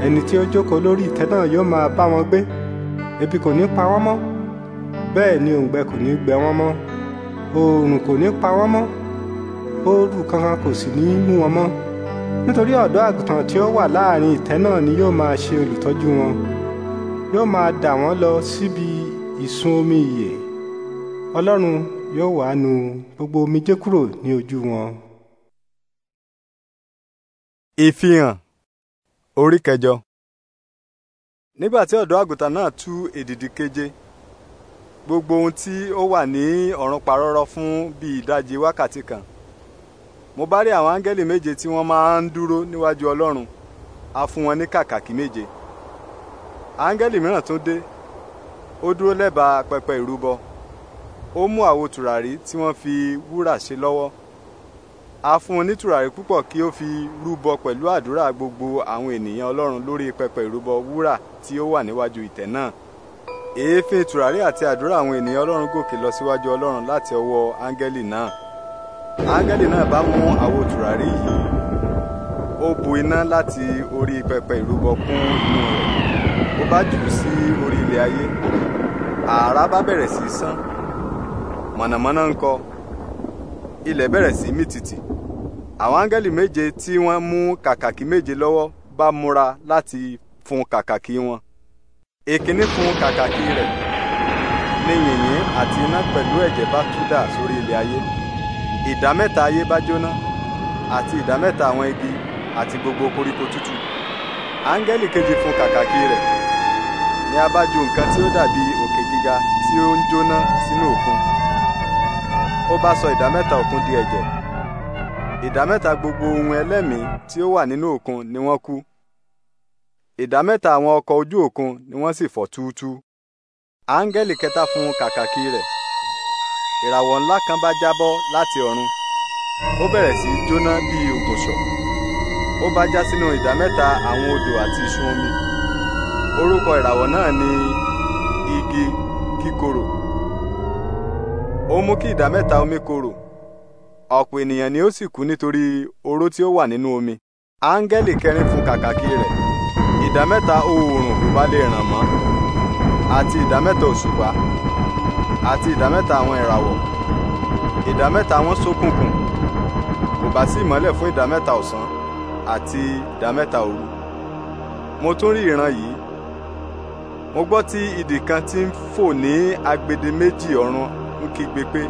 I: ẹni tí ó jókòó lórí ìtẹ́ náà yóò máa bá wọn gbé ebi kò ní pa wọ́n mọ́ bẹ́ẹ̀ ni òǹgbẹ kò ní gbẹ wọ́n mọ́ oòrùn kò ní pa wọ́n mọ́ ooru kankan kò sì ní mú wọn mọ́ nítorí ọ̀dọ́ àgùntàn tí ó wà láàrin ìtẹ́ náà ni yóò máa ṣe olùtọ́jú wọn yóò máa dà wọ́n lọ síbi ìsun omi ìyè ọlọ́run yóò wá nu
A: gbogbo omijé kúrò ní ojú wọn. ìfihàn orí kẹjọ nígbà tí ọ̀dọ́ àgùntàn náà tú èdìdì keje gbogbo ohun tí ó wà ní ọ̀run parọ́rọ́ fún bíi ìdajì wákàtí kan mo bá rí àwọn áńgẹ́lì méje tí wọ́n máa ń dúró níwájú ọlọ́run a fún wọn ní kàkàkí méje áńgẹ́lì mìíràn tún dé ó dúró lẹ́bàá pẹpẹ ìrúbọ ó mú àwo tùràrí tí wọ́n fi wúrà ṣe lọ́wọ́ a fún un ní tùràrí púpọ̀ kí ó fi rúbọ pẹ̀lú àdúrà gbogbo àwọn ènìyàn ọlọ́run lórí pẹpẹ ìrúbọ wúrà tí ó wà níwájú ìtẹ́ náà èéfín tùràrí àti àdúrà àwọn ènìyàn ọlọ́run gòkè lọ síwájú ọlọ́run láti ọwọ́ áńgẹ́lì náà áńgẹ́lì náà bá mú àwo tùràrí yìí ó bu iná láti orí pẹpẹ ìrúbọ kún inú rẹ̀ ó bá jù sí orí ilẹ̀ ayé ààrá bá bẹ̀rẹ̀ sí í sán mọ̀nàmọ́ná ń kọ ilẹ̀ bẹ̀rẹ̀ sí í mìtìtì àwọn áńgẹ́lì méje tí wọ́n mú kàkàkí méje lọ́wọ́ bá múra láti fún kàkàkí wọn èkíní fún kàkàkí rẹ̀ ní yìnyín àti iná pẹ̀lú ẹ̀jẹ̀ bá tú dà sórí ilẹ̀ ayé ìdá mẹ́ta ayé bá jóná àti ìdá mẹ́ta àwọn igi àti gbogbo koríko tútù áńgẹ́lì kejì fún kàkàkí rẹ̀ ní a bá ju nǹkan tí ó dàbí òkè gíga tí ó ń jóná sínú òkun ó bá sọ ìdá mẹ́ta òkun di ẹ̀jẹ̀ ìdá mẹ́ta gbogbo ohun ẹlẹ́mìí tí ó wà nínú òkun ni wọ́n kú ìdá mẹ́ta àwọn ọkọ̀ ojú òkun ni wọ́n sì fọ́ túútúú áńgẹ́lì kẹta fún kàkàkí rẹ̀ ìràwọ̀ ńlá kan bá jábọ́ láti ọ̀run ó bẹ̀rẹ̀ sí í jóná bíi ògùnṣọ̀ ó bá já sínú ìdá àwọn odò àti ìsun omi orúkọ ìràwọ̀ náà ni igi kíkorò ó mú kí ìdá omi korò ọ̀pọ̀ ènìyàn ni ó sì kú nítorí oró tí ó wà nínú omi áńgẹ́lì kẹrin fún kàkàkí rẹ̀ ìdá oòrùn kò bá lè ràn mọ́ àti ìdá òṣùpá àti ìdá àwọn ìràwọ̀ ìdá mẹ́ta wọn kò bá sí ìmọ́lẹ̀ fún ìdá ọ̀sán àti ìdá òru mo tún rí ìran yìí mo gbọ́ tí idì kan ti ń fò ní agbede méjì ọ̀run ń kígbe pé.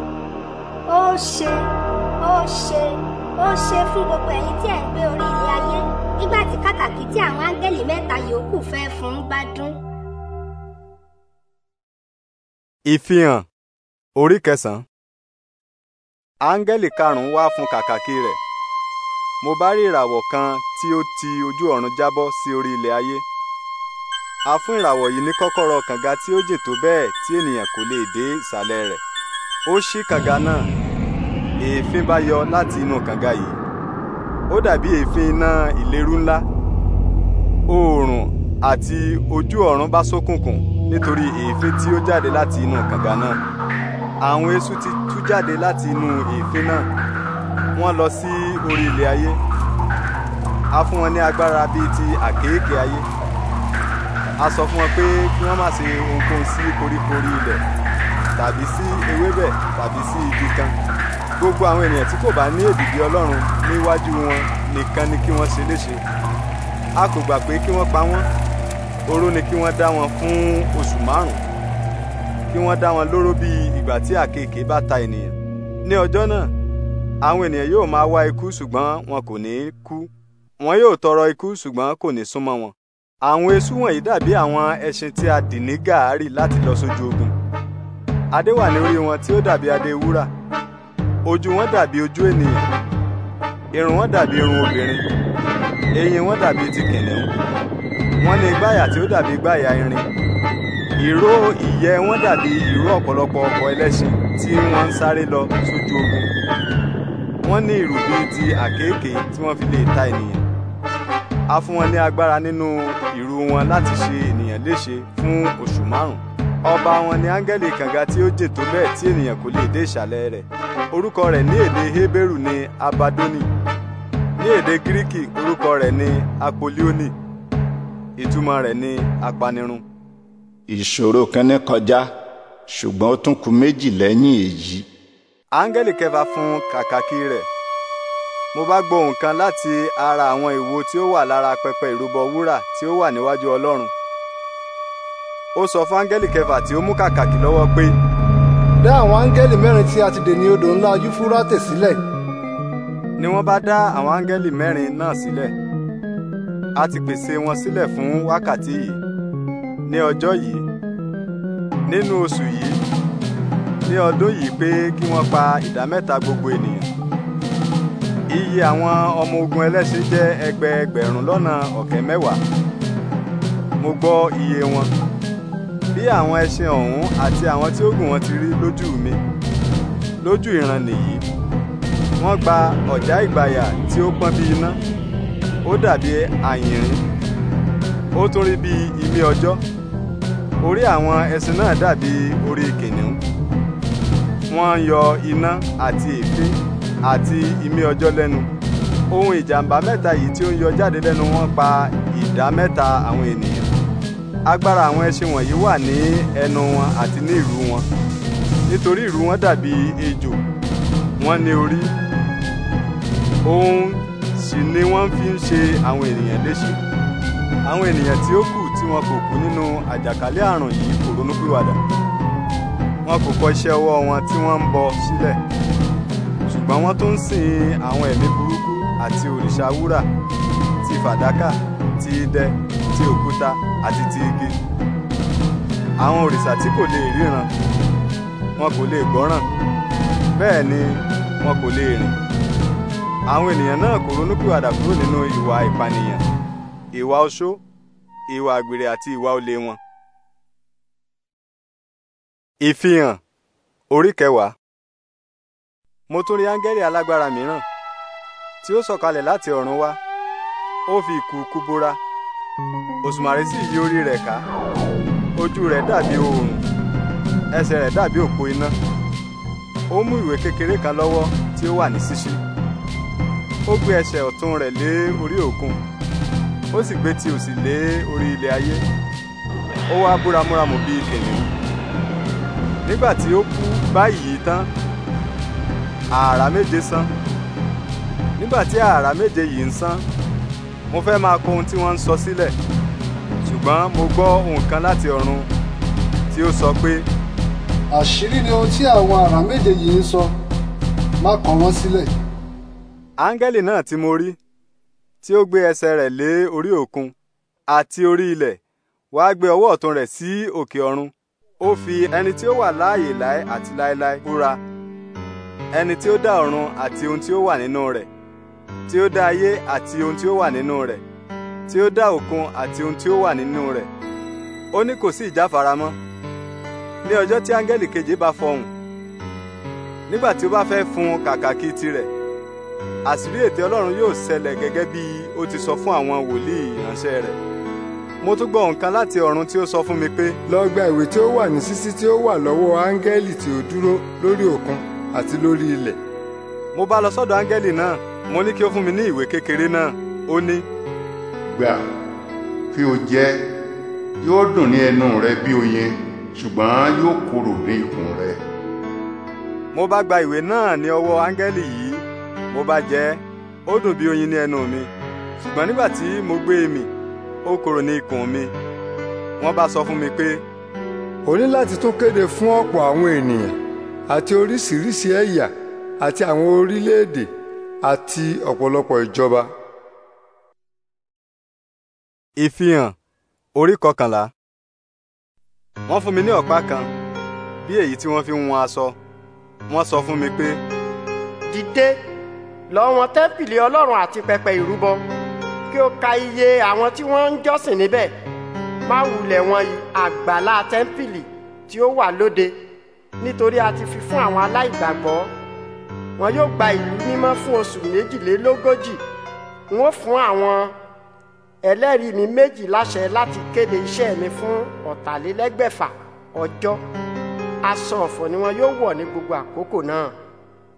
G: ó ṣe ó ṣe ó ṣe fún gbogbo ẹ̀yin tí ẹ̀ ń gbé orí ilé ayé
F: nígbà tí kàkàkí tí àwọn áńgẹ́lì mẹ́ta yòókù fẹ́ fún bá dún.
A: ìfihàn orí kẹsàn áńgẹ́lì karùn-ún wá fún kàkàkí rẹ̀ mo bá rí ìràwọ̀ kan tí ó ti ojú ọ̀run jábọ́ sí orí ilẹ̀ ayé a fún ìràwọ̀ yìí ní kọ́kọ́rọ́ kànga tí ó jìn bẹ́ẹ̀ tí ènìyàn kò lè dé ìsàlẹ̀ rẹ̀ ó ṣí kànga náà èéfín bá yọ láti inú kànga yìí ó dàbí èéfín iná ìléru ńlá oòrùn àti ojú ọ̀run bá ṣókùnkùn nítorí èéfín tí ó jáde láti inú kànga náà àwọn eṣú ti tú jáde láti inú èéfín náà wọ́n lọ sí orí ilẹ̀ ayé a fún wọn ní agbára bíi ti àkéékè ayé a sọ fún wọn pé kí wọ́n má ṣe ohunkóhun sí koríkorí ilẹ̀ tàbí sí ewébẹ̀ tàbí sí igi kan gbogbo àwọn ènìyàn tí kò bá ní èdìdì ọlọ́run níwájú wọn nìkan ni kí wọ́n ṣe léṣe a kò gbà pé kí wọ́n pa wọ́n oró ni kí wọ́n dá wọn fún oṣù márùn-ún kí wọ́n dá wọn lóró bí ìgbà tí àkekèé bá ta ènìyàn ní ọjọ́ náà àwọn ènìyàn yóò máa wá ikú ṣùgbọ́n wọn kò ní kú wọn yóò tọrọ ikú ṣùgbọ́n kò ní súnmọ́ wọn àwọn eṣú wọ̀nyí dàbí àwọn ẹṣin tí a dì ní gàárì láti lọ sójú ogun adé wà ní orí wọn tí ó dàbí adé wúrà ojú wọn dàbí ojú ènìyàn irun wọn dàbí irun obìnrin eyín wọn dàbí ti kìnìún wọn ní gbáyà tí ó dàbí gbáyà irin ìró ìyẹ́ wọn dàbí ìró ọ̀pọ̀lọpọ̀ ọkọ̀ ẹlẹ́ṣin tí wọ́n ń sáré lọ sójú ogun wọ́n ní ìrù ti àkéèké tí wọ́n fi lè ta ènìyàn a fún wọn ní agbára nínú ìrù wọn láti ṣe ènìyàn léṣe fún oṣù márùn-ún ọba wọn ni áńgẹ́lì kànga tí ó jìn tó bẹ́ẹ̀ tí ènìyàn kò lè dé ìsàlẹ̀ rẹ̀ orúkọ rẹ̀ ní èdè hébérù ni abadoni ní èdè gíríkì orúkọ rẹ̀ ni apolioni ìtumọ̀ rẹ̀ ni apanirun.
E: ìṣòro kan ní kọjá ṣùgbọ́n ó tún kù méjì lẹ́yìn èyí.
A: áńgẹ́lì kẹfà fún kàkàkí rẹ̀ mo bá gbọ́ ohùn láti ara àwọn ìwo tí ó wà lára pẹpẹ ìrúbọ wúrà tí ó wà níwájú ọlọ́run ó sọ fún áńgẹ́lì kẹfà tí ó mú kàkàkì lọ́wọ́ pé. dá àwọn áńgẹ́lì mẹ́rin tí a ti dè ní odò ńlá yúfúrátè sílẹ̀. ni wọ́n bá dá àwọn áńgẹ́lì mẹ́rin náà sílẹ̀. a ti pèsè wọn sílẹ̀ fún wákàtí yìí ní ọjọ́ yìí nínú oṣù yìí ní ọdún yìí pé kí wọ́n pa ìdámẹ́ta gbogbo ènìyàn iye àwọn ọmọ ogun ẹlẹ́ṣin jẹ́ ẹgbẹẹgbẹ̀rún lọ́nà ọ̀kẹ́ mẹ́wàá mo gbọ́ iye wọn bí àwọn ẹṣin ọ̀hún àti àwọn tí ó gùn wọn ti rí lójú mi lójú ìran nìyí wọ́n gba ọ̀já ìgbàyà tí ó pọ́n bí iná ó dàbí àyìnrín ó tún rí bí imí ọjọ́ orí àwọn ẹṣin náà dàbí orí kìnìún wọ́n ń yọ iná àti èéfín àti imí ọjọ́ lẹ́nu ohun ìjàmbá mẹ́ta yìí tí ó ń yọ jáde lẹ́nu wọn pa ìdá mẹ́ta àwọn ènìyàn agbára àwọn ẹṣin wọ̀nyí wà ní ẹnu wọn àti ní ìrù wọn nítorí ìrù wọn dàbí ejò wọn ní orí òun sì ni wọ́n fi ń ṣe àwọn ènìyàn léṣe àwọn ènìyàn tí ó kù tí wọn kò kú nínú àjàkálẹ̀ àrùn yìí kò ronúpìwàdà wọn kò kọ iṣẹ́ ọwọ́ wọn tí wọ́n ń bọ sílẹ̀ ṣùgbọ́n wọ́n tún ń sìn àwọn ẹ̀mí burúkú àti òrìṣà wúrà ti fàdákà ti idẹ ti òkúta àti ti igi àwọn òrìṣà tí kò lè ríran wọn kò lè gbọ́ràn bẹ́ẹ̀ ni wọn kò lè rìn àwọn ènìyàn náà kò ronúpìwàdà kúrò nínú ìwà ìpànìyàn ìwà oṣó ìwà àgbèrè àti ìwà olè wọn. ìfihàn orí kẹwàá mo tún rí áńgẹ́lì alágbára mìíràn tí ó sọ̀kalẹ̀ láti ọ̀run wá ó fi ìkùukù bora òṣùmàrè sì yí orí rẹ̀ ká ojú rẹ̀ dàbí oòrùn ẹsẹ̀ rẹ̀ dàbí òpó iná ó mú ìwé kékeré kan lọ́wọ́ tí ó wà ní ṣíṣí ó gbé ẹsẹ̀ ọ̀tún rẹ̀ lé orí òkun ó sì gbé ti òsì lé orí ilẹ̀ ayé ó wá búramúramù bíi kìnìún nígbà tí ó kú báyìí tán ààrá méje sán nígbà tí ààrá méje yìí ń sán mo fẹ́ máa kọ ohun tí wọ́n ń sọ sílẹ̀ ṣùgbọ́n mo gbọ́ ohùn kan láti ọ̀run tí ó sọ pé. àṣírí ni ohun tí àwọn àrá méje yìí ń sọ má kọ wọ́n sílẹ̀. áńgẹ́lì náà tí mo rí tí ó gbé ẹsẹ̀ rẹ̀ lé orí òkun àti orí ilẹ̀ wàá gbé ọwọ́ ọ̀tún rẹ̀ sí òkè ọ̀run ó fi ẹni tí ó wà láàyè láé àti láéláé búra ẹni tí ó dá ọ̀run àti ohun tí ó wà nínú rẹ̀ tí ó dá ayé àti ohun tí ó wà nínú rẹ̀ tí ó dá òkun àti ohun tí ó wà nínú rẹ̀ ó ní kò sí ìjáfara mọ́ ní ọjọ́ tí áńgẹ́lì kejì bá fọhùn nígbà tí ó bá fẹ́ fún kàkàkí tirẹ̀ àṣírí ètè ọlọ́run yóò ṣẹlẹ̀ gẹ́gẹ́ bí ó ti sọ fún àwọn wòlíì ìránṣẹ́ rẹ̀ mo tún gbọ́ nǹkan láti ọ̀run tí ó sọ fún mi pé. lọ gba ìwé tí
H: ó wà ní sísí tí ó wà lọ́wọ́ áńgẹ́lì tí ó dúró lórí òkun àti lórí ilẹ̀.
A: mo bá lọ sọ́dọ̀ áńgẹ́lì náà mo ní kí ó fún mi ní ìwé kékeré náà ó ní.
G: gbà kí o jẹ yóò dùn ní ẹnu rẹ bí oyin
A: ṣùgbọ́n yóò korò ní ikùn rẹ. mo bá gba ìwé náà ní ọwọ́ áńgẹ́lì yìí mo bá jẹ ó dùn bí oyin ní ẹnu mi ṣùgbọ́n nígbà tí mo gbé e mì ó korò ní ikùn mi wọ́n bá sọ fún mi pé.
H: o ní láti tún kéde fún ọ̀pọ̀ àwọn ènìyàn àti oríṣiríṣi ẹ̀yà àti àwọn orílẹ̀-èdè àti ọ̀pọ̀lọpọ̀ ìjọba.
A: ìfihàn orí kọkànlá wọ́n fún mi ní ọ̀pá kan bí èyí tí wọ́n fi ń wọn aṣọ wọ́n sọ fún mi pé.
B: dìde lọ wọn tẹ́ḿpìlì ọlọ́run àti pẹpẹ ìrúbọ kí o ka iye àwọn tí wọ́n ń jọ́sìn níbẹ̀ má wulẹ̀ wọn àgbàlá tẹ́ḿpìlì tí ó wà lóde nítorí a ti fi fún àwọn aláìgbàgbọ́ wọn yóò gba ìlú mímọ́ fún oṣù méjìlélógójì wọn fún àwọn ẹlẹ́rìí mi méjì láṣẹ láti kéde iṣẹ́ mi fún ọ̀tàlélẹ́gbẹ̀fà ọjọ́ aṣọ ọ̀fọ̀ ni wọn yóò wọ̀ ní gbogbo àkókò náà.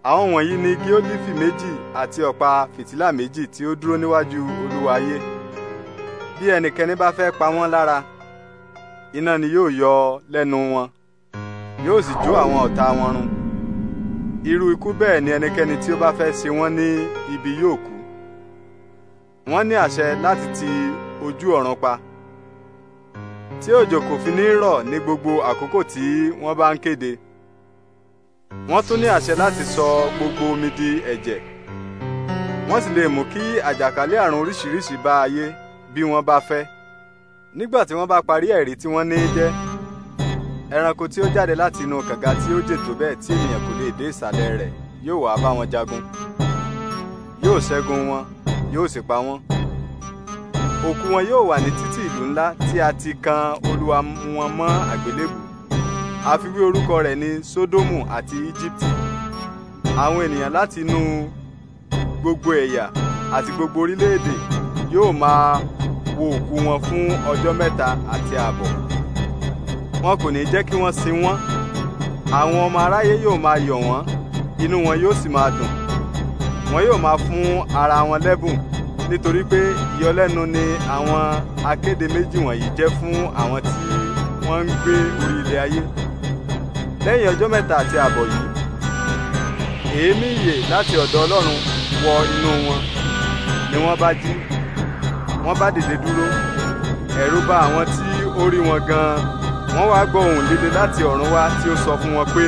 B: àwọn
A: wọ̀nyí ni igi ólífì méjì àti ọ̀pá fìtílà méjì tí ó dúró níwájú olúwa ayé bí ẹnikẹ́ni bá fẹ́ pa wọ́n lára iná ni yóò yọ lẹ́nu wọn yóò sì jó àwọn ọ̀tá wọn run irú ikú bẹ́ẹ̀ ni ẹnikẹ́ni tí ó bá fẹ́ ṣe wọ́n ní ibi yóò kú wọ́n ní àṣẹ láti ti ojú ọ̀run pa tí òjò kò fi ní rọ̀ ní gbogbo àkókò tí wọ́n bá ń kéde wọ́n tún ní àṣẹ láti sọ gbogbo omi di ẹ̀jẹ̀ wọ́n sì lè mú kí àjàkálẹ̀ àrùn oríṣiríṣi bá ayé bí wọ́n bá fẹ́ nígbà tí wọ́n bá parí ẹ̀rí tí wọ́n ní jẹ́ ẹranko tí ó jáde láti inú kànga tí ó jètò bẹ́ẹ̀ tí ènìyàn kò lè dé ìsàlẹ̀ rẹ̀ yóò wá bá wọn jagun yóò ṣẹ́gun wọn yóò sì pa wọ́n òkú wọn yóò wà ní títì ìlú ńlá tí a ti kan olúwa wọn mọ́ àgbélébù àfiwé orúkọ rẹ̀ ní sódómù àti íjíbítì àwọn ènìyàn láti inú gbogbo ẹ̀yà àti gbogbo orílẹ̀-èdè yóò máa wo òkú wọn fún ọjọ́ mẹ́ta àti ààbọ̀ wọn kò ní jẹ́ kí wọ́n sin wọ́n àwọn ọmọ aráyé yóò máa yọ̀ wọ́n inú wọn yóò sì máa dùn wọn yóò máa fún ara wọn lẹ́bùn nítorí pé ìyọlẹ́nu ni àwọn akéde méjì wọ̀nyí jẹ́ fún àwọn tí wọ́n ń gbé orí ilẹ̀ ayé lẹ́yìn ọjọ́ mẹ́ta àti àbọ̀ yìí èémí ìyè láti ọ̀dọ̀ Ọlọ́run wọ inú wọn ni wọ́n bá jí wọ́n bá dìde dúró ẹ̀rù bà àwọn tí ó rí wọn gan-an wọ́n wá gbọ́ ohùn líle láti ọ̀run wá tí ó sọ fún wọn pé.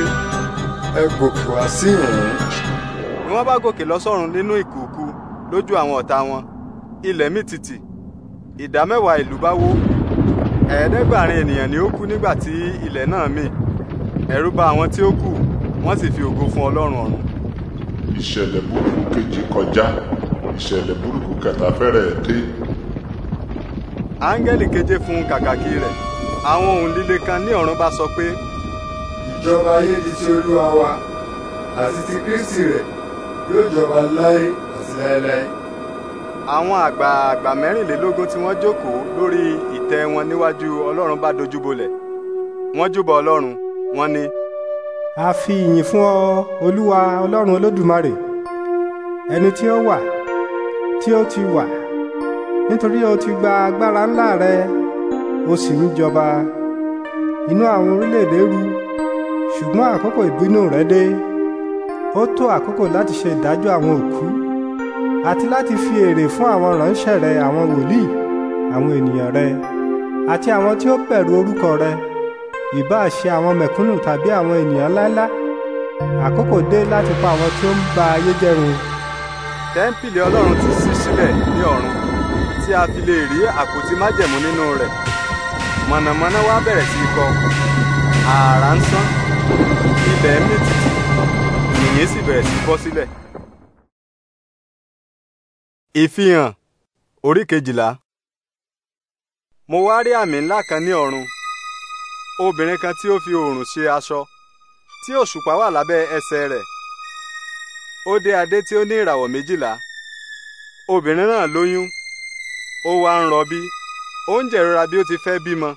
A: ẹ gòkè wá sí ìrìn. ni wọ́n bá gòkè lọ nínú ìkùukù lójú àwọn ọ̀tá wọn ilẹ̀ mìtìtì ìdá mẹ́wàá ìlú bá wó ẹ̀ẹ́dẹ́gbàrin ènìyàn ni ó kú nígbà tí ilẹ̀ náà mì ẹ̀rù bà àwọn tí ó kù wọ́n sì fi ògo fún ọlọ́run ọ̀run. ìṣẹ̀lẹ̀ burúkú kejì kọjá ìṣẹ̀lẹ̀ burúkú kẹta fẹ́rẹ̀ dé. áńgẹ́lì keje fún kàkàkí rẹ̀ àwọn ohun líle kan ní ọ̀run bá sọ pé. ìjọba ayé di ti olúwa wa àti ti kristi rẹ̀ yóò jọba láé àti láéláé. àwọn àgbààgbà mẹ́rìnlélógún tí wọ́n jókòó lórí ìtẹ́ wọn níwájú ọlọ́run bá dojú bolẹ̀ wọ́n júbọ ọlọ́run wọ́n ní.
I: a fi ìyìn fún ọ olúwa ọlọ́run olódùmarè ẹni tí ó wà tí ó ti wà nítorí o ti gba agbára ńlá rẹ ó sì ń jọba inú àwọn orílẹ̀-èdè ru ṣùgbọ́n àkókò ìbínú rẹ̀ dé ó tó àkókò láti ṣe ìdájọ́ àwọn òkú àti láti fi èrè fún àwọn ránṣẹ́ rẹ̀ àwọn wòlíì àwọn ènìyàn rẹ̀ àti àwọn tí ó bẹ̀rù orúkọ rẹ̀ ìbáà ṣe àwọn mẹ̀kúnnù tàbí àwọn ènìyàn ńláńlá àkókò dé láti pa àwọn tí ó ń
A: ba ayé jẹ́ run. tẹ́ḿpìlì ọlọ́run ti ṣí sílẹ̀ ní ọ̀run tí a fi lè rí àpótí májẹ̀mú nínú rẹ̀ mọ̀nàmọ́ná wá bẹ̀rẹ̀ sí í kọ ààrá ń sán ilẹ̀ ń mì tìtì yìnyín sì bẹ̀rẹ̀ sí í bọ́ sílẹ̀. ìfihàn orí kejìlá mo wá rí àmì ńlá kan ní ọ̀run obìnrin kan tí ó fi òòrùn ṣe aṣọ tí òṣùpá wà lábẹ́ ẹsẹ̀ rẹ̀ ó dé adé tí ó ní ìràwọ̀ méjìlá obìnrin náà lóyún ó wá ń rọbí ó ń jẹ̀rora bí ó ti fẹ́ bímọ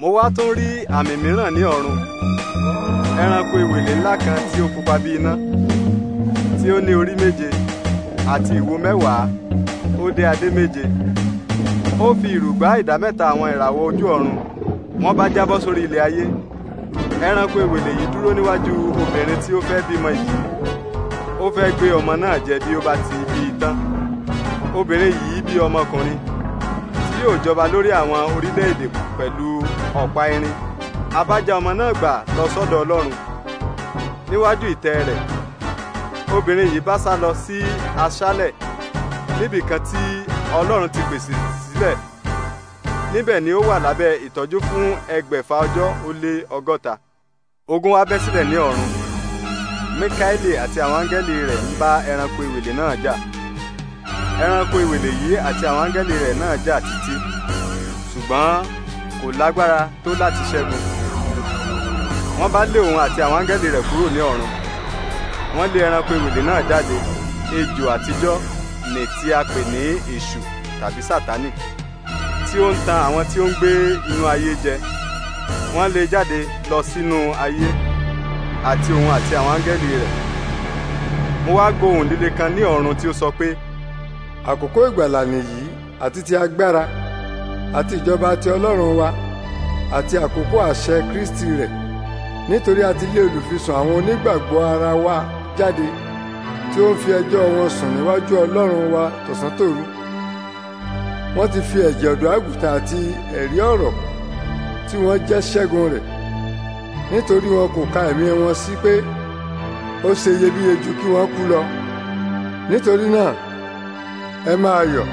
A: mo wá tún rí àmì mìíràn ní ọ̀run ẹranko ìwèlè ńlá kan tí ó pupa bí iná tí ó ní orí méje àti ìwo mẹ́wàá ó dé adé méje ó fi ìrù gbá ìdá mẹ́ta àwọn ìràwọ̀ ojú ọ̀run wọ́n bá jábọ́ sórí ilẹ̀ ayé ẹranko ìwèlè yìí dúró níwájú obìnrin tí ó fẹ́ bímọ yìí ó fẹ́ gbé ọmọ náà jẹ bí ó bá ti bí i tán obìnrin yìí bí ọmọkùnrin tí yóò jọba lórí àwọn orílẹ̀-èdè pẹ̀lú ọ̀pá irin abájá ọmọ náà gbà lọ sọ́dọ̀ ọlọ́run níwájú ìtẹ́ rẹ̀ obìnrin yìí bá sá lọ sí aṣálẹ̀ níbì kan tí ọlọ́run ti pèsè sílẹ̀ níbẹ̀ ni ó wà lábẹ́ ìtọ́jú fún ẹgbẹ̀fà ọjọ́ ó lé ọgọ́ta ogun wa bẹ́ sílẹ̀ ní ọ̀run Míkáélì àti àwọn áńgẹ́lì rẹ̀ ń bá ẹranko ìwèlè náà jà. Ja ẹranko ìwèlè yìí àti àwọn áńgẹ́lì rẹ̀ náà jà títí ṣùgbọ́n kò lágbára tó láti ṣẹ́gun wọ́n bá lé òun àti àwọn áńgẹ́lì rẹ̀ kúrò ní ọ̀run wọ́n lé ẹranko ìwèlè náà jáde ejò àtijọ́ nì tí a pè ní èṣù tàbí sátánì tí ó ń tan àwọn tí ó ń gbé inú ayé jẹ wọ́n lé e jáde lọ sínú ayé àti òun àti àwọn áńgẹ́lì rẹ̀ mo wá gbọ́ líle kan ní ọ̀run tí ó sọ pé àkókò ìgbàlà nìyí àti ti
H: agbára àti ìjọba ti ọlọ́run wa àti àkókò àṣẹ kristi rẹ̀ nítorí a ti lé olùfisùn àwọn onígbàgbọ́ ara wa jáde tí ó ń fi ẹjọ́ wọn sùn níwájú ọlọ́run wa tọ̀sán-tòru wọ́n ti fi ẹ̀jẹ̀ ọ̀dọ́ àgùntàn àti ẹ̀rí ọ̀rọ̀ tí wọ́n jẹ́ ṣẹ́gun rẹ̀ nítorí wọn kò ka ẹ̀mí wọn sí pé ó ṣe iyebíye ju kí wọ́n kú lọ nítorí náà ẹ máa yọ̀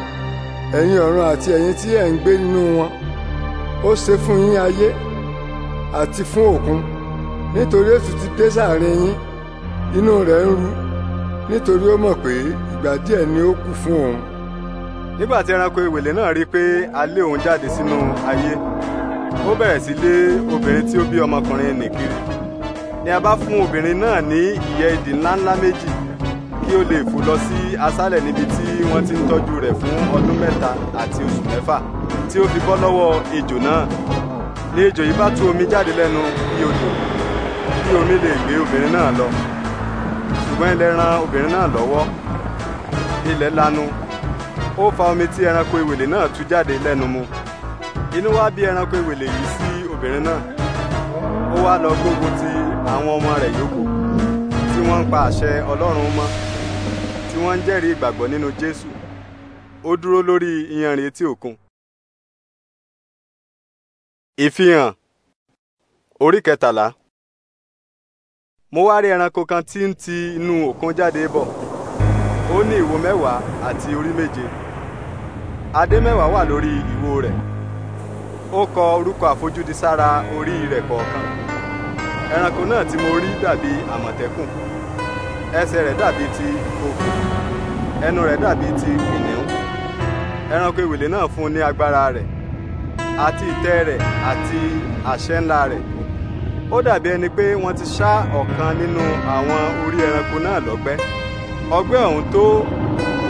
H: ẹ̀yin ọ̀run àti ẹ̀yin tí ẹ̀ ń gbé nínú wọn ó ṣe fún yín ayé àti fún òkun nítorí ètù ti dé sáàrin yín inú rẹ̀ ń ru nítorí ó mọ̀ pé ìgbà díẹ̀ ni ó kù fún òun. nígbà
A: tí ẹranko ìwèlé náà rí i pé a òun jáde sínú ayé ó bẹ̀rẹ̀ sí lé obìnrin tí ó bí ọmọkùnrin nìkiri ni a bá fún obìnrin náà ní ìyẹ́ idì ńláńlá méjì kí ó lè fò lọ sí aṣálẹ̀ níbi tí wọ́n ti ń tọ́jú rẹ̀ fún ọdún mẹ́ta àti oṣù mẹ́fà tí ó fi bọ́ lọ́wọ́ ejò náà ní ejò yìí bá tú omi jáde lẹ́nu bí odò kí omi lè gbé obìnrin náà lọ ṣùgbọ́n ilẹ̀ ran obìnrin náà lọ́wọ́ ilẹ̀ lanu ó fa omi tí ẹranko ìwèlè náà tú jáde lẹ́nu mu inú wá bí ẹranko ìwèlè yìí sí obìnrin náà ó wá lọ gbógun ti àwọn ọmọ rẹ̀ yòókù tí wọ́n ń pa àṣẹ Ọlọ́run mọ́ wọ́n ń jẹ́rìí ìgbàgbọ́ nínú Jésù ó dúró lórí iyanrìn etí òkun. ìfihàn orí kẹtàlá mo wá rí ẹranko kan tí ń ti inú òkun jáde bọ̀ ó ní ìwo mẹ́wàá àti orí méje adé mẹ́wàá wà lórí ìwo rẹ̀ ó kọ orúkọ àfojúdi sára orí rẹ̀ kọ̀ọ̀kan ẹranko náà tí mo rí dàbí àmọ̀tẹ́kùn ẹsẹ̀ rẹ̀ dàbí ti kòkòrò ẹnu rẹ̀ dàbí ti kìnìún ẹranko ìwèlè náà fún un ní agbára rẹ̀ àti ìtẹ́ rẹ̀ àti àṣẹ ńlá rẹ̀ ó dàbí ẹni pé wọ́n ti ṣá ọ̀kan nínú àwọn orí ẹranko náà lọ́gbẹ́ ọgbẹ́ ọ̀hún tó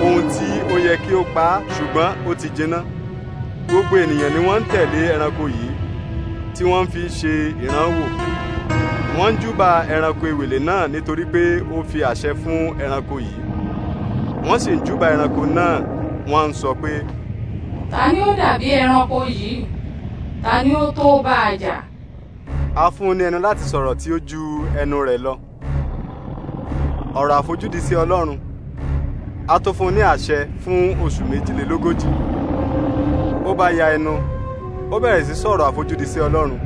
A: ohun tí ó yẹ kí ó pa á ṣùgbọ́n ó ti jiná gbogbo ènìyàn ni wọ́n ń tẹ̀lé ẹranko yìí tí wọ́n fi ṣe ìrànwọ́ wọ́n ń júbà ẹranko ìwèlè náà nítorí pé ó fi àṣẹ fún ẹranko yìí wọ́n sì ń júbà ẹranko náà wọ́n ń sọ pé.
F: ta ni ó dàbí ẹranko yìí ta ni ó tó bá a jà.
A: a fún un ní ẹnu láti sọ̀rọ̀ tí ó ju ẹnu rẹ̀ lọ ọ̀rọ̀ àfojúdi sí ọlọ́run a tó fún un ní àṣẹ fún oṣù méjìlélógójì ó bá ya ẹnu ó bẹ̀rẹ̀ sí sọ̀rọ̀ àfojúdi sí ọlọ́run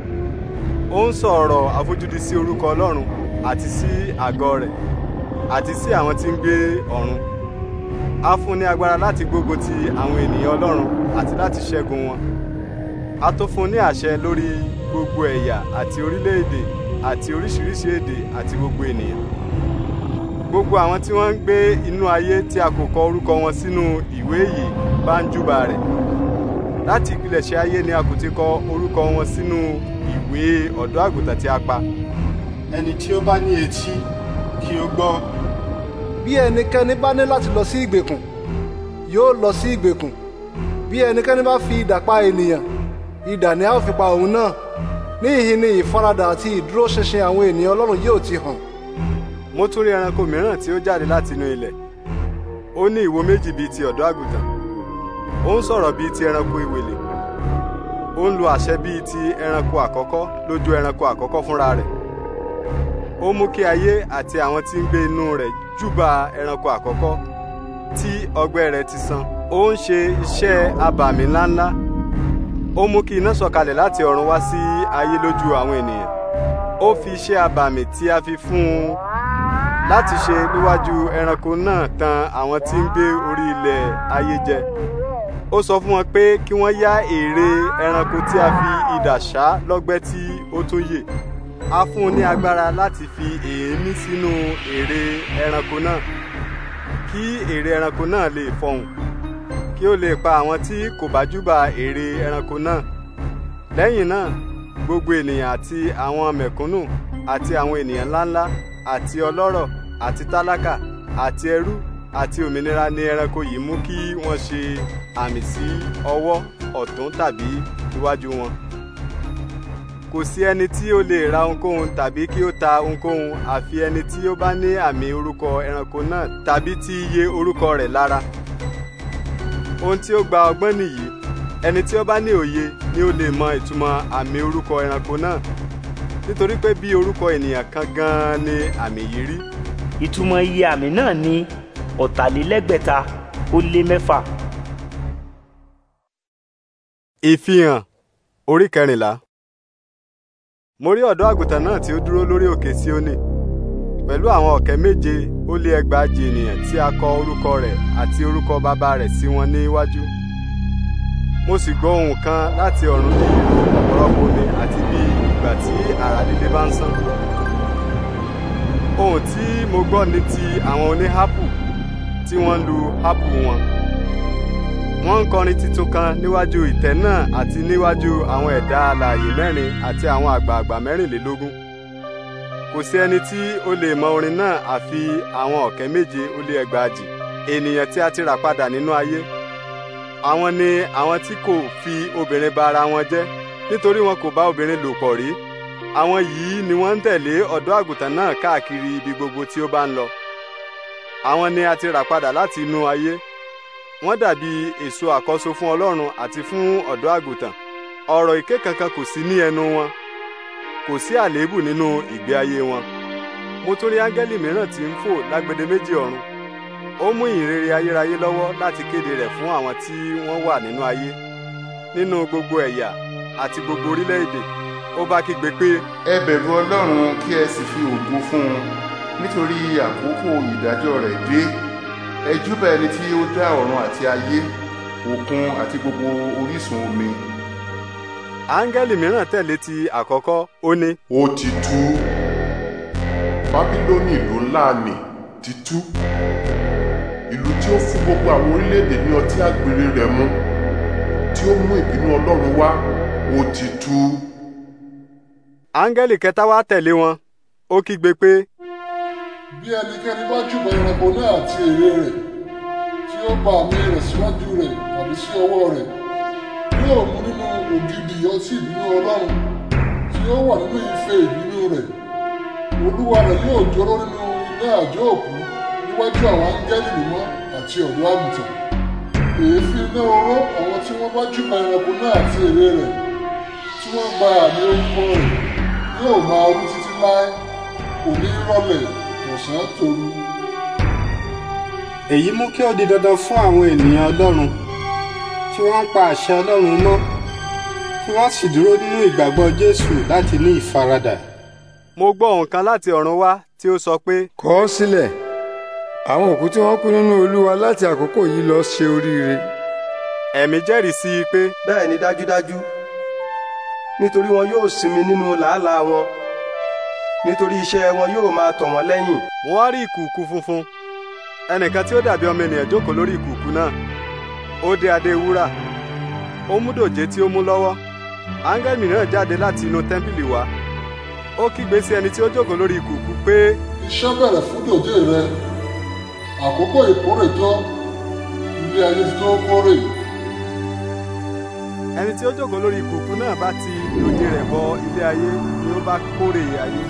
A: ó ń sọ̀rọ̀ àfojúdi sí orúkọ ọlọ́run àti sí àgọ́ rẹ̀ àti sí àwọn tí ń gbé ọ̀run a fún ní agbára láti gbógun ti àwọn ènìyàn ọlọ́run àti láti ṣẹ́gun wọn a tó fún ní àṣẹ lórí gbogbo ẹ̀yà àti orílẹ̀-èdè àti oríṣiríṣi èdè àti gbogbo ènìyàn gbogbo àwọn tí wọ́n ń gbé inú ayé tí a kò kọ orúkọ wọn sínú ìwé yìí bá ń júbà rẹ̀ láti ìpilẹ̀ṣẹ̀ ayé ni a kò ti kọ orúkọ wọn sínú ìwé ọ̀dọ́ àgùntàn
F: tí a pa ẹni tí ó bá ní etí kí ó gbọ́ bí ẹnikẹ́ni bá ní láti lọ sí ìgbèkùn yóò lọ sí ìgbèkùn bí ẹnikẹ́ni bá fi idà pa ènìyàn idà ni a ó fi pa òun náà níhìn ni ìfaradà àti ìdúróṣinṣin àwọn ènìyàn ọlọ́run yóò ti hàn. mo tún rí ẹranko mìíràn tí ó jáde láti
A: inú ilẹ̀ ó ní ìwo méjì bíi ti ọ̀dọ́ àgùntàn ó ń sọ̀rọ̀ bíi ti ẹranko ìwèlè ó ń lo àṣẹ bíi ti ẹranko àkọ́kọ́ lójú ẹranko àkọ́kọ́ fúnra rẹ̀ ó mú kí ayé àti àwọn tí ń gbé inú rẹ̀ júbà ẹranko àkọ́kọ́ tí ọgbẹ́ rẹ̀ ti san ó ń ṣe iṣẹ́ abàmì ńláńlá ó mú kí iná sọ̀kalẹ̀ láti ọ̀run wá sí ayé lójú àwọn ènìyàn ó fi iṣẹ́ abàmì tí a fi fún un láti ṣe níwájú ẹranko náà tan àwọn tí ń gbé orí ilẹ̀ ayé jẹ ó sọ fún wọn pé kí wọ́n yá ère ẹranko tí a fi idà ṣá lọ́gbẹ́ tí ó tún yè a fún un ní agbára láti fi èémí sínú ère ẹranko náà kí ère ẹranko náà lè fọhùn kí ó lè pa àwọn tí kò bá júbà ère ẹranko náà lẹ́yìn náà gbogbo ènìyàn àti àwọn mẹ̀kúnnù àti àwọn ènìyàn ńláńlá àti ọlọ́rọ̀ àti tálákà àti ẹrú àti òmìnira ni ẹranko yìí mú kí wọ́n ṣe àmì sí ọwọ́ ọ̀tún tàbí iwájú wọn kò sí ẹni tí ó lè ra ohunkóhun tàbí kí ó ta ohunkóhun àfi ẹni tí ó bá ní àmì orúkọ ẹranko náà tàbí ti iye orúkọ rẹ̀ lára ohun tí ó gba ọgbọ́n nìyí ẹni tí ó bá ní òye ni ó lè mọ ìtumọ̀ àmì orúkọ ẹranko náà nítorí pé bí orúkọ ènìyàn kan gan-an ni àmì yìí rí. ìtumọ̀ iye àmì náà ni ọ̀tàlélẹ́gbẹ̀ta ó lé mẹ́fà. ìfihàn orí kẹrìnlá mo rí ọ̀dọ́ àgùntàn náà tí ó dúró lórí òkè Síónì pẹ̀lú àwọn ọ̀kẹ́ méje ó lé ẹgbàájì ènìyàn tí a kọ orúkọ rẹ̀ àti orúkọ bàbá rẹ̀ sí wọn ní mo sì gbọ́ ohùn kan láti ọ̀run ní ìlú ọ̀pọ̀lọpọ̀ omi àti bí ìgbà tí àrá líle bá ń sán ohùn tí mo gbọ́ ní ti àwọn oníhápù tí wọ́n lu hápù wọn wọ́n ń kọrin tuntun kan níwájú ìtẹ́ náà àti níwájú àwọn ẹ̀dá alààyè mẹ́rin àti àwọn àgbààgbà mẹ́rìnlélógún kò sí ẹni tí ó lè mọ orin náà àfi àwọn ọ̀kẹ́ méje ó lé ẹgbàajì ènìyàn tí a ti rà padà nínú ayé àwọn ni àwọn tí kò fi obìnrin ba ara wọn jẹ́ nítorí wọn kò bá obìnrin lò pọ̀ rí àwọn yìí ni wọ́n ń tẹ̀lé ọ̀dọ́ àgùntàn náà káàkiri ibi gbogbo tí ó bá ń lọ àwọn ni a ti rà padà láti inú ayé wọ́n dàbí èso àkọ́so fún ọlọ́run àti fún ọ̀dọ́ àgùntàn ọ̀rọ̀ ìké kankan kò sí ní ẹnu wọn kò sí àléébù nínú ìgbé ayé wọn mo tún rí áńgẹ́lì mìíràn tí ń fò lágbede méjì ọ̀run ó mú ìrere ayérayé lọ́wọ́ láti kéde rẹ̀ fún àwọn tí wọ́n wà nínú ayé nínú gbogbo ẹ̀yà àti gbogbo orílẹ̀-èdè ó bá kígbe pé. ẹ bẹ̀rù ọlọ́run kí ẹ sì fi ògo fún un nítorí àkókò ìdájọ́ rẹ̀ dé ẹ júbà ẹni tí ó dá ọ̀run àti ayé òkun àti gbogbo orísun omi. áńgẹ́lì mìíràn tẹ̀lé ti àkọ́kọ́ ó ní. ó ti tú bábílónì ìlú ńlá nì ti tú
G: ìlú tí ó fún gbogbo àwọn orílẹ̀-èdè ní ọtí àgbèrè rẹ̀ mu
A: tí ó mú ìbínú ọlọ́run wá ó ti tú. áńgẹ́lì kẹta wá tẹ̀lé wọn ó kígbe pé
J: bí ẹnikẹ́ni bá jùbọ̀ ẹranko náà àti èrè rẹ̀ tí ó gba àmì rẹ̀ síwájú rẹ̀ tàbí sí ọwọ́ rẹ̀ yóò mú nínú ògidì ọtí ìbínú ọlọ́run tí ó wà nínú ife ìbínú rẹ̀ olúwa rẹ̀ yóò jóró nínú iná àjọ òkú níwájú àwọn áńgẹ́lì mímọ́ àti ọ̀dọ́ àgùntàn èéfín iná oró àwọn tí wọ́n bá ẹranko náà àti rẹ̀ tí wọ́n gba àmì orúkọ tọ̀sán tòru.
I: èyí mú kí ó di dandan fún àwọn ènìyàn ọlọ́run tí wọ́n ń pa àṣẹ
A: ọlọ́run mọ́ tí wọ́n sì dúró nínú ìgbàgbọ́ jésù láti ní ìfaradà. mo gbọ́ nǹkan láti ọ̀run wá tí ó sọ pé.
H: kọ ọ́ sílẹ̀
A: àwọn òkú tí wọ́n kú nínú olúwa láti àkókò yìí lọ ṣe oríire. ẹ̀mí jẹ́rìí sí i pé. bẹ́ẹ̀ ni dájúdájú nítorí wọn yóò sinmi nínú làálàá wọn nítorí iṣẹ́ wọn yóò máa tọ̀ wọ́n lẹ́yìn. mo wá rí ìkùkù funfun ẹnìkan tí ó dàbí ọmọ ènìyàn jókòó lórí ìkùkù náà ó dé adé wúrà ó mú dòjé tí ó mú lọ́wọ́ áńgẹ́lì mìíràn jáde láti inú tẹ́ḿpìlì wá
J: ó kígbe sí ẹni tí ó jókòó lórí ìkùkù pé. iṣẹ́ bẹ̀rẹ̀ fún dòjé rẹ àkókò ìkórè tó ilé ayé tó kórè
A: ẹni tí ó jókòó lórí ìkùkù náà bá ti lòdì rẹ̀ bọ ilé ayé ni ó bá kórè ayé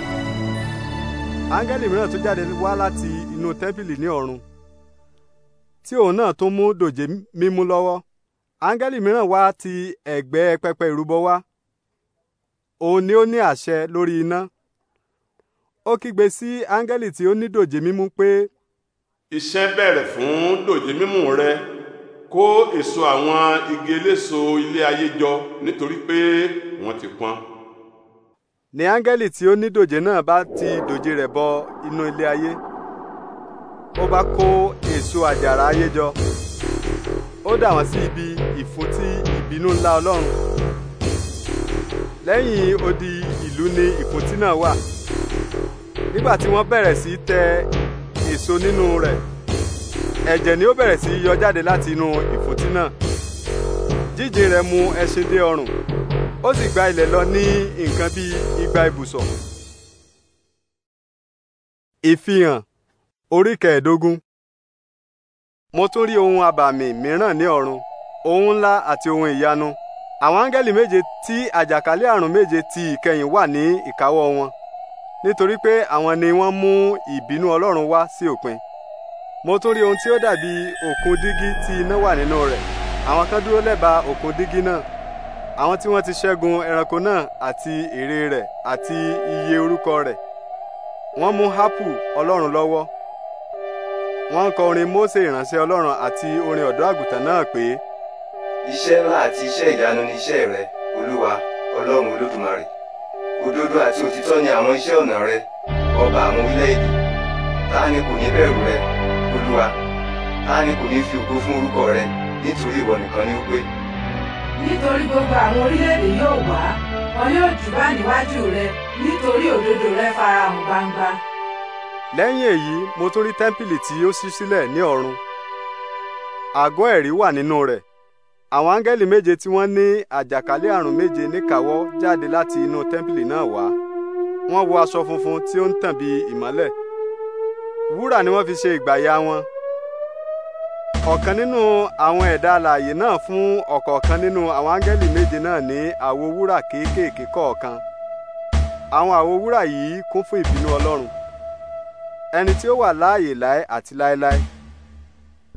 A: áńgẹ́lì mìíràn tó jáde wá láti inú tẹ́ḿpìlì ní ọ̀run tí òun náà tó mú dòjé mímú lọ́wọ́ áńgẹ́lì mìíràn wá ti ẹ̀gbẹ́ pẹpẹ ìrúbọ wá òun ni ó ní àṣẹ lórí iná ó kígbe sí áńgẹ́lì tí ó ní dòjé mímú pé
G: iṣẹ́ bẹ̀rẹ̀ fún dòjé mímú rẹ kó èso àwọn igi eléso ilé ayé jọ nítorí pé wọ́n ti pọ́n.
A: ni áńgẹ́lì tí ó ní dòjé náà bá ti dòjé rẹ̀ bọ inú ilé ayé ó bá kó èso àjàrà ayé jọ ó dà wọ́n sí ibi ìfúntí ìbínú ńlá ọlọ́run lẹ́yìn odi ìlú ni ìfúntí náà wà nígbà tí wọ́n bẹ̀rẹ̀ sí tẹ èso nínú rẹ̀ ẹ̀jẹ̀ ni ó bẹ̀rẹ̀ sí yọ jáde láti inú ìfòtí náà jíjìn rẹ̀ mú ẹṣin dé ọrùn ó sì gba ilẹ̀ lọ ní nǹkan bíi igba ibùsọ̀. ìfihàn orí kẹẹ̀ẹ́dógún mo tún rí ohun abàmì mìíràn ní ọ̀run ohun ńlá àti ohun ìyanu àwọn áńgẹ́lì méje tí àjàkálẹ̀ àrùn méje ti ìkẹyìn wà ní ìkáwọ́ wọn nítorí pé àwọn ni wọ́n mú ìbínú Ọlọ́run wá sí òpin mo tún rí ohun tí ó dàbí òkun dígí tí iná wà nínú rẹ̀ àwọn kan dúró lẹ́bàá òkun dígí náà àwọn tí wọ́n ti ṣẹ́gun ẹranko náà àti ère rẹ̀ àti iye orúkọ rẹ̀ wọ́n mú hápù ọlọ́run lọ́wọ́ wọ́n ń kọ orin Mósè ìránṣẹ́ ọlọ́run àti orin ọ̀dọ́ àgùntàn náà pé.
D: iṣẹ́ ńlá àti iṣẹ́ ìyanu ni iṣẹ́ rẹ olúwa ọlọ́run olódùmarè òdodo àti òtítọ́ ni àwọn iṣẹ́ ọ̀nà rẹ ọba àwọn orílẹ̀-èdè ta ni kò ní bẹ̀rù rẹ
A: olúwa ta ni kò ní fi ògo fún orúkọ rẹ nítorí ìwọ nìkan ni ó pé.
B: nítorí gbogbo àwọn orílẹ̀-èdè yóò wá wọn yóò júbà níwájú rẹ nítorí
I: òdodo rẹ farahàn gbangba.
A: lẹ́yìn èyí mo tún rí tẹ́ḿpìlì tí ó ṣí sílẹ̀ ní ọ̀run àgọ́ ẹ̀rí wà nínú rẹ̀ àwọn áńgẹ́lì méje tí wọ́n ní àjàkálẹ̀ àrùn méje níkàáwọ́ jáde láti inú tẹ́ḿpìlì náà wá wọ́n wọ aṣọ funfun tí ó ń tàn bí ìmọ́lẹ̀ wúrà ni wọ́n fi ṣe ìgbàyà wọn ọ̀kan nínú àwọn ẹ̀dá alààyè náà fún ọ̀kọ̀ọ̀kan nínú àwọn áńgẹ́lì méje náà ní àwo wúrà kéékèèké kọ̀ọ̀kan àwọn àwo wúrà yìí kún fún ìbínú ọlọ́run ẹni tí ó wà láàyè láé àti láéláé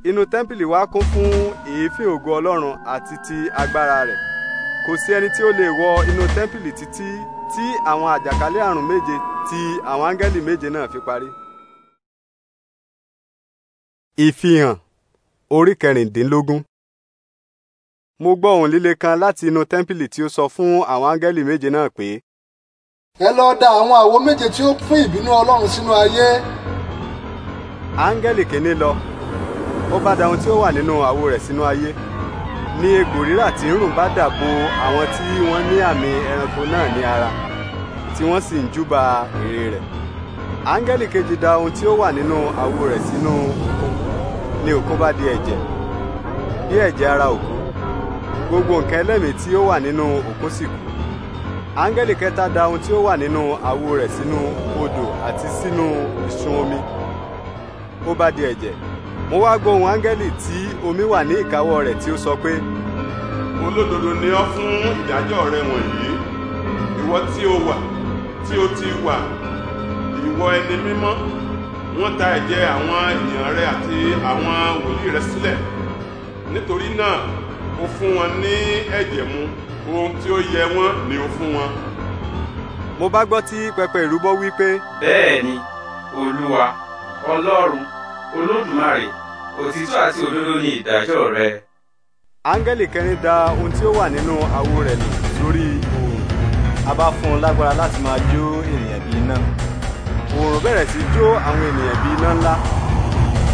A: inú tẹ́ḿpìlì wa kún fún èéfín ògo ọlọ́run àti ti agbára rẹ̀ kò sí ẹni tí ó lè wọ inú tẹ́ḿpìlì títí tí àwọn àjàkálẹ̀ àrùn méje ti àwọn áńgẹ́lì méje náà fi parí Ìfihàn orí kẹrìndínlógún. Mo gbọ́ ohùn líle kan láti inú tẹ́ḿpìlì tí ó sọ fún àwọn áńgẹ́lì méje náà pé. Ẹ lọ da
F: àwọn àwo méje tí ó pín ìbínú Ọlọ́run sínú ayé.
A: Áńgẹ́lì kìíní lọ, ó bá da ohun tí ó wà nínú àwo rẹ̀ sínú ayé. Ní egbò rírà tí ń rùn bá dàbò àwọn tí wọ́n ní àmì ẹranko náà ní ara, tí wọ́n sì ń júbà ère rẹ̀. Áńgẹ́lì kejì da ohun tí ó wà nínú àwo rẹ̀ sínú òkun ni òkú bá di ẹ̀jẹ̀ bí ẹ̀jẹ̀ ara òkú gbogbo nǹkan ẹlẹ́mìí tí ó wà nínú òkú sì kú áńgẹ́lì kẹta da ohun tí ó wà nínú àwo rẹ̀ sínú odò àti sínú ìsun omi ó bá di ẹ̀jẹ̀ mo wá gbọ́ ohùn áńgẹ́lì tí omi wà ní ìkáwọ́ rẹ̀ tí ó sọ pé. olódodo ni ọ́ fún ìdájọ́ rẹ wọ̀nyí ìwọ tí o wà tí o
G: ti wà ìwọ ẹni mímọ́ wọ́n ta ẹ̀jẹ̀ àwọn ènìyàn rẹ àti àwọn wòlíì rẹ sílẹ̀ nítorí náà ó fún wọn ní ẹ̀jẹ̀ mu ohun tí ó yẹ wọ́n ni ó fún wọn.
A: mo bá gbọ́ tí pẹpẹ ìrúbọ wí pé. bẹ́ẹ̀ ni olúwa ọlọ́run olódùmarè òtítọ́ àti òdodo ni ìdájọ́ rẹ. áńgẹ́lì kẹrin da ohun tí ó wà nínú àwo rẹ̀ lórí oòrùn a bá fún un lágbára láti máa jó ènìyàn bíi náà òòrùn bẹ̀rẹ̀ sí jó àwọn ènìyàn bíi iná ńlá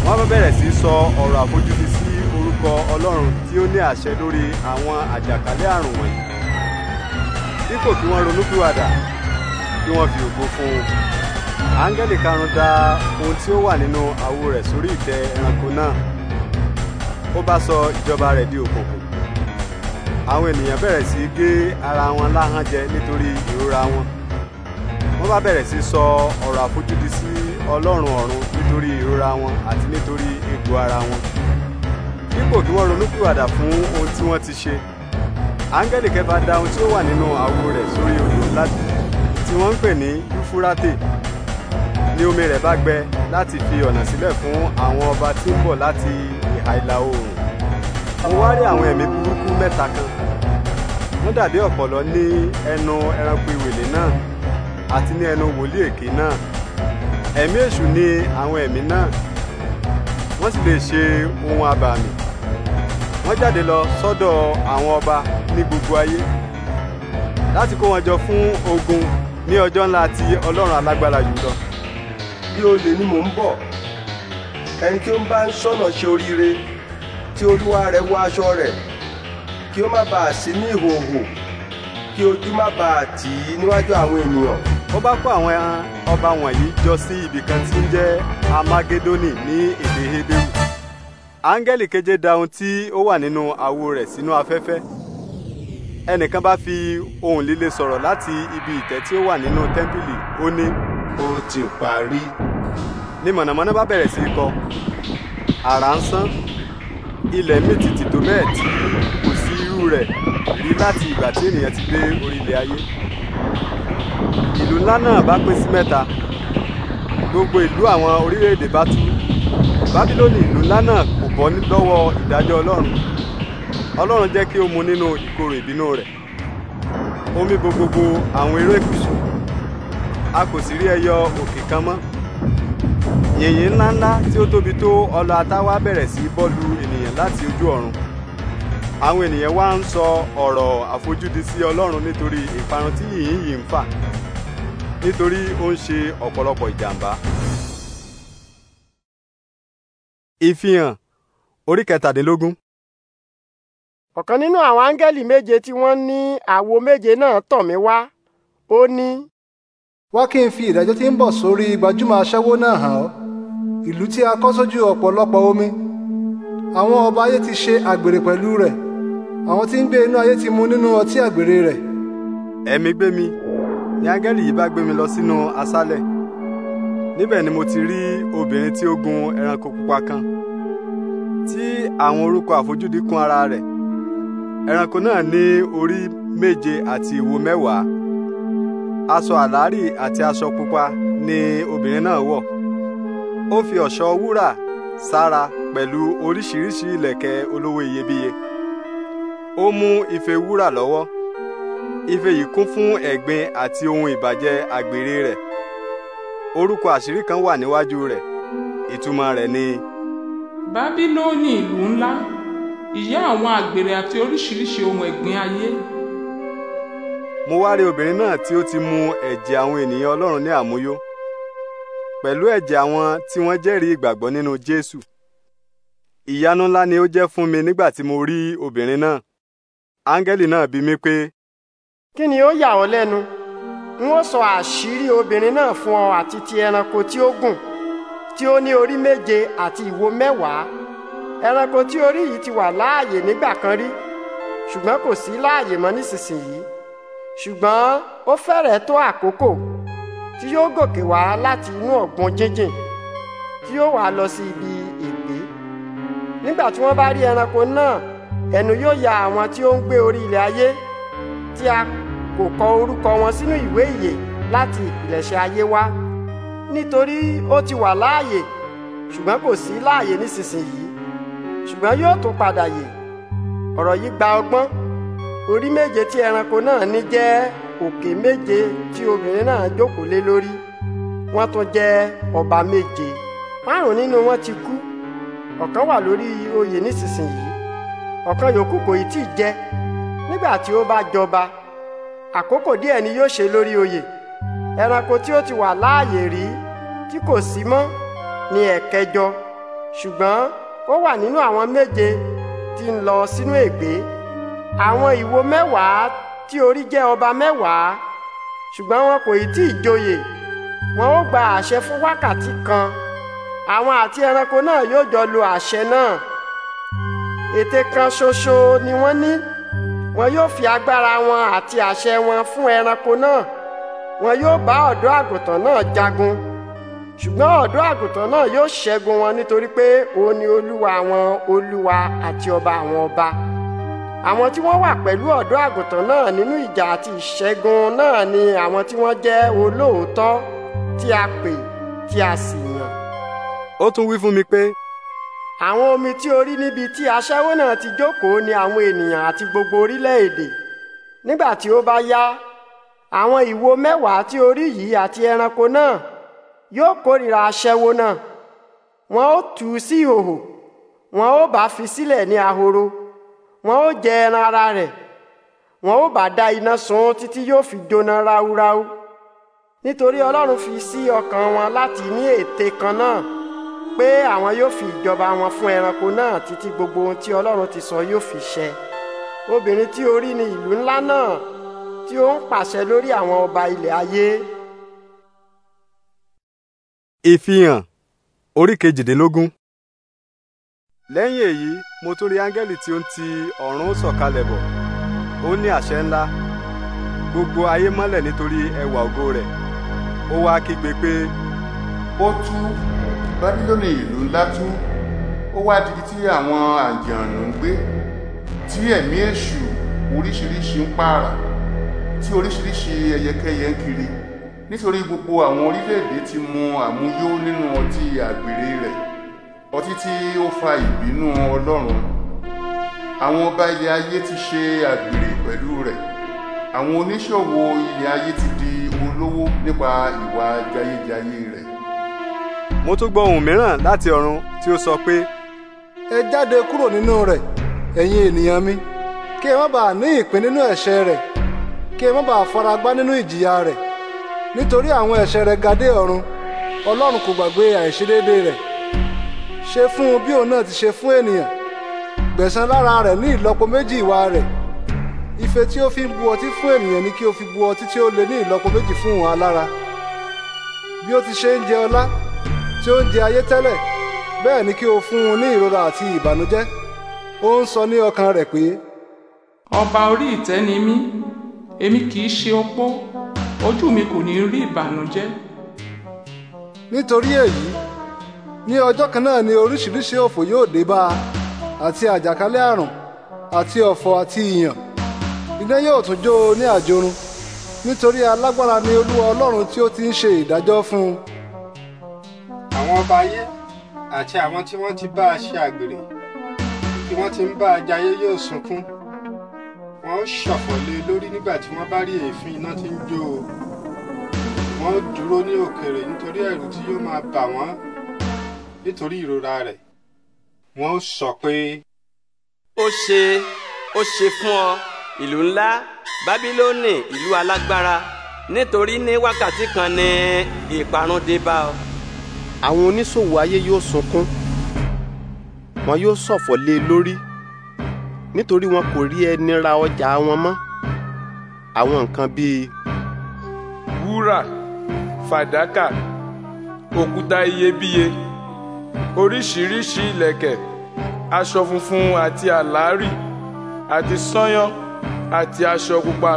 A: wọ́n bá bẹ̀rẹ̀ sí sọ ọ̀rọ̀ àfojúdi sí orúkọ ọlọ́run tí ó ní àṣẹ lórí àwọn àjàkálẹ̀ àrùn wọ̀nyí dípò kí wọ́n ronúpìwàdà kí wọ́n fi ògo fún un áńgẹ́lì karùn-ún da ohun tí ó wà nínú àwo rẹ̀ sórí ìtẹ́ ẹranko náà ó bá sọ ìjọba rẹ̀ di òkùnkùn àwọn ènìyàn bẹ̀rẹ̀ sí gé ara wọn láhán jẹ nítorí ìrora wọn wọ́n bá bẹ̀rẹ̀ sí sọ ọ̀rọ̀ àfojúdi sí ọlọ́run ọ̀run nítorí ìrora wọn àti nítorí egbò ara wọn dípò kí wọ́n ronúpìwàdà fún ohun tí wọ́n ti ṣe áńgẹ́lì kẹfà da ohun tí ó wà nínú àwo rẹ̀ sórí odò láti tí wọ́n ń pè ní yúfúrátè ni omi rẹ̀ bá gbẹ láti fi ọ̀nà sílẹ̀ fún àwọn ọba tí ń bọ̀ láti ìhà ìlà oòrùn mo wá rí àwọn ẹ̀mí burúkú mẹ́ta kan wọ́n dàbí ọ̀pọ̀lọ́ ní ẹnu ẹranko ìwèlè náà àti ní ẹnu wòlíì èké náà ẹ̀mí èṣù ni àwọn ẹ̀mí náà wọ́n sì lè ṣe ohun abàmì wọ́n jáde lọ sọ́dọ̀ àwọn ọba ní gbogbo ayé láti kó wọn jọ fún ogun ní ọjọ́ ńlá ti ọlọ́run alágbára jùlọ. bí olè ni mò ń bọ̀ ẹni tí ó ń bá ń ṣọ̀nà ṣe oríire tí olúwa rẹ̀ wọ aṣọ rẹ̀ kí ó má bàa sí ní ìhòòhò kí ojú má bàa tì í níwájú àwọn ènìyàn ó bá kó àwọn ọba wọ̀nyí jọ sí ibìkan tí ń jẹ́ amagedoni ní èdè Hébérù áńgẹ́lì keje da ohun tí ó wà nínú àwo rẹ̀ sínú afẹ́fẹ́ ẹnìkan bá fi ohùn líle sọ̀rọ̀ láti ibi ìtẹ́ tí ó wà nínú tẹ́ḿpìlì ó ní. ó ti parí. ni mọ̀nàmọ́ná bá bẹ̀rẹ̀ sí í kọ àrá ń sán ilẹ̀ mì tìtì tó bẹ́ẹ̀ tí rẹ̀ rí láti ìgbà tí ènìyàn ti dé orí ilẹ̀ ayé ìlú ńlá náà bá pín sí mẹ́ta gbogbo ìlú àwọn orílẹ̀-èdè bá tú bábílónì ìlú ńlá náà kò bọ́ lọ́wọ́ ìdájọ́ ọlọ́run ọlọ́run jẹ́ kí ó mu nínú ìkorò ìbínú rẹ̀ omi bo gbogbo àwọn erékùṣù a kò sì rí ẹyọ òkè kan mọ́ yìnyín ńláńlá tí ó tóbi tó ọlọ atáwá bẹ̀rẹ̀ sí bọ́ọ̀lù ènìyàn láti ojú ọ̀run àwọn ènìyàn wá ń sọ ọ̀rọ̀ àfojúdi sí ọlọ́run nítorí ìparun tí yìnyín yìí ń fà nítorí ó ń ṣe ọ̀pọ̀lọpọ̀ ìjàmbá. ìfihàn orí kẹtàdínlógún.
B: ọ̀kan nínú àwọn áńgẹ́lì méje tí wọ́n ní àwo méje náà tọ̀ mí wá ó ní. wá
F: kí n fi ìdájọ́ tí ń bọ̀ sórí gbajúmọ̀ aṣẹ́wó náà hàn ọ́ ìlú tí a kọ́ sójú ọ̀pọ̀lọpọ̀ omi àwọn ọba ayé ti ṣe àgbèrè pẹ̀lú rẹ̀ àwọn tí ń gbé inú ayé ti mu nínú ọtí àgbèrè rẹ̀. ẹ̀mí gbé mi ni áńgẹ́lì yìí bá gbé mi lọ
A: sínú aṣálẹ̀ níbẹ̀ ni mo ti rí obìnrin tí ó gun ẹranko pupa kan tí àwọn orúkọ àfojúdi kún ara rẹ̀ ẹranko náà ní orí méje àti ìwo mẹ́wàá aṣọ àlárì àti aṣọ pupa ni obìnrin náà wọ̀ ó fi ọ̀ṣọ́ wúrà sára pẹ̀lú oríṣiríṣi ìlẹ̀kẹ̀ olówó iyebíye ó mú ife wúrà lọ́wọ́ ife yìí kún fún ẹ̀gbin àti ohun ìbàjẹ́ àgbèrè rẹ̀ orúkọ àṣírí kan wà níwájú rẹ̀ ìtumọ̀ rẹ̀ ni.
G: bábílóònì ìlú ńlá ìyá àwọn àgbèrè àti oríṣiríṣi ohun ẹ̀gbin ayé.
A: mo wá rí obìnrin náà tí ó ti mu ẹ̀jẹ̀ àwọn ènìyàn ọlọ́run ní àmúyó pẹ̀lú ẹ̀jẹ̀ àwọn tí wọ́n jẹ́rìí ìgbàgbọ́ nínú jésù ìyanu ńlá ni ó jẹ́ fún mi nígbà tí mo rí obìnrin náà áńgẹ́lì náà bi mí pé.
B: kí ni ó yà ọ́ lẹ́nu n ó sọ àṣírí obìnrin náà fún ọ àti ti ẹranko tí ó gùn tí ó ní orí méje àti ìwo mẹ́wàá ẹranko tí orí yìí ti wà láàyè nígbà kan rí ṣùgbọ́n kò sí láàyè mọ́ nísinsìnyí ṣùgbọ́n ó fẹ́rẹ̀ẹ́ tó àkókò tí yóò gòkè wá láti inú ọ̀gbun jíjìn tí yóò wá lọ sí ibi ègbé nígbà tí wọ́n bá rí ẹranko náà ẹnu yóò ya àwọn tí ó ń gbé orí ilẹ̀ ayé tí a kò kọ orúkọ wọn sínú ìwé ìyè láti ìpìlẹ̀ṣẹ̀ ayé wá nítorí ó ti wà láàyè ṣùgbọ́n kò sí láàyè nísinsìnyí ṣùgbọ́n yóò tún padà yè ọ̀rọ̀ yìí gba ọgbọ́n orí méje tí ẹranko náà ní jẹ́ òkè méje tí obìnrin náà jókòó lé lórí wọ́n tún jẹ́ ọba méje márùn nínú wọn ti kú ọ̀kan wà lórí oyè nísinsìnyí ọ̀kan yòókù kò ì tí ì jẹ nígbà tí ó bá jọba àkókò díẹ̀ ni yóò ṣe lórí oyè ẹranko tí ó ti wà láàyè rí tí kò sí mọ́ ní ẹ̀kẹjọ ṣùgbọ́n ó wà nínú àwọn méje tí ń lọ sínú ègbé àwọn ìwo mẹ́wàá tí orí jẹ́ ọba mẹ́wàá ṣùgbọ́n wọn kò ì tí ì joyè wọn ó gba àṣẹ fún wákàtí kan àwọn àti ẹranko náà yóò jọ lo àṣẹ náà ète kan ṣoṣo ni wọ́n ní wọn yóò fi agbára wọn àti àṣẹ wọn fún ẹranko náà wọn yóò bá ọ̀dọ́ àgùntàn náà jagun ṣùgbọ́n ọ̀dọ́ àgùntàn náà yóò ṣẹ́gun wọn nítorí pé òun ni olúwa àwọn olúwa àti ọba àwọn ọba àwọn tí wọ́n wà pẹ̀lú ọ̀dọ́ àgùntàn náà nínú ìjà àti ìṣẹ́gun náà ni àwọn tí wọ́n jẹ́ olóòótọ́ tí a pè tí a sì yàn. ó tún wí fún mi pé àwọn omi tí o rí níbi tí aṣẹ́wó náà ti jókòó ni àwọn ènìyàn àti gbogbo orílẹ̀-èdè nígbà tí ó bá yá àwọn ìwo mẹ́wàá tí o rí yìí àti ẹranko náà yóò kórìíra aṣẹ́wó náà wọn ó tù ú sí ìhòhò wọn ó bá fi sílẹ̀ ní ahoro wọn ó jẹ ẹran ara rẹ̀ wọn ó bá dá iná sun títí yóò fi jóná ráúráú nítorí Ọlọ́run fi sí ọkàn wọn láti ní ète kan náà pé àwọn yóò fi ìjọba wọn fún ẹranko náà títí gbogbo ohun tí Ọlọ́run ti sọ yóò fi ṣẹ obìnrin tí ó ni ìlú ńlá náà tí ó ń pàṣẹ lórí àwọn ọba ilẹ̀ ayé.
A: ìfihàn orí kejìdínlógún. lẹ́yìn èyí mo tún rí áńgẹ́lì tí ó ń ti ọ̀run sọ̀kalẹ̀ bọ̀ ó ní àṣẹ ńlá gbogbo ayé mọ́lẹ̀ nítorí ẹwà ògo rẹ̀ ó wá kígbe pé. ó tú bábílónì ìlú ńlá tú
G: ó wá di tí àwọn àjànù ń gbé tí ẹ̀mí èṣù oríṣiríṣi ń pààrà tí oríṣiríṣi ẹyẹkẹyẹ ń kiri nítorí gbogbo àwọn orílẹ̀-èdè ti mu àmúyó nínú ọtí àgbèrè rẹ̀ ọtí tí ó fa ìbínú ọlọ́run àwọn ọba ilẹ̀ ayé ti ṣe àgbèrè pẹ̀lú rẹ̀ àwọn oníṣòwò ilẹ̀ ayé ti di olówó nípa
A: ìwà jayéjayé rẹ̀ mo tún gbọ́ ohùn mìíràn láti ọ̀run tí ó sọ pé.
F: ẹ jáde kúrò nínú rẹ̀ ẹ̀yin ènìyàn mi kí ẹ má bàa ní ìpín nínú ẹ̀ṣẹ̀ rẹ̀ kí ẹ má bàa faragbá nínú ìjìyà rẹ̀ nítorí àwọn ẹ̀ṣẹ̀ rẹ̀ ga dé ọ̀run kò gbàgbé àìṣedéédé rẹ̀ ṣe fún un bí òun náà ti ṣe fún ènìyàn gbẹ̀san lára rẹ̀ ní ìlọ́po méjì ìwà rẹ̀ ife tí ó fi ń bu ọtí fún ènìyàn ni kí ó fi bu ọtí tí ó le ní ìlọ́po méjì fún òun alára bí ó ti ṣe ń jẹ ọlá tí ó ń jẹ ayé tẹ́lẹ̀ bẹ́ẹ̀ ni kí o fún un ní ìrora àti ìbànújẹ́ ó ń sọ ní ọkàn rẹ̀ pé. ọba orí ìtẹ́ ni mí èmi kì í ṣe opó ojú mi kò ní rí ìbànújẹ́. nítorí èyí ní ọjọ́ kan náà ni oríṣiríṣi òfò yóò dé bá a àti àjàkálẹ̀ àrùn àti ọ̀fọ̀ àti ìyàn iná yóò tún jó o ní àjorun nítorí alágbára ni olúwa ọlọ́run tí ó ti ń ṣe ìdájọ́ fún un àwọn ọba ayé
I: àti àwọn tí wọ́n ti bá a ṣe àgbèrè tí wọ́n ti ń bá a jayé yóò sunkún wọn ó ṣọ̀fọ̀ lé lórí nígbà tí wọ́n bá rí èéfín iná tí ń jó o wọ́n dúró ní òkèèrè nítorí ẹ̀rù tí yóò máa bà wọ́n nítorí ìrora rẹ̀
D: wọ́n sọ pé. ó ṣe ó ṣe fún ọ ìlú ńlá bábílónì ìlú alágbára nítorí ní wákàtí kan ni ìparun dé bá ọ
E: àwọn oníṣòwò ayé yóò sunkún wọn yóò ṣọ̀fọ̀ lé e lórí nítorí wọn kò rí ẹni ra ọjà wọn mọ́ àwọn nǹkan bíi. wúrà
G: fàdákà òkúta iyebíye oríṣiríṣi ìlẹ̀kẹ̀ aṣọ funfun àti àlárì àti sányán àti aṣọ pupa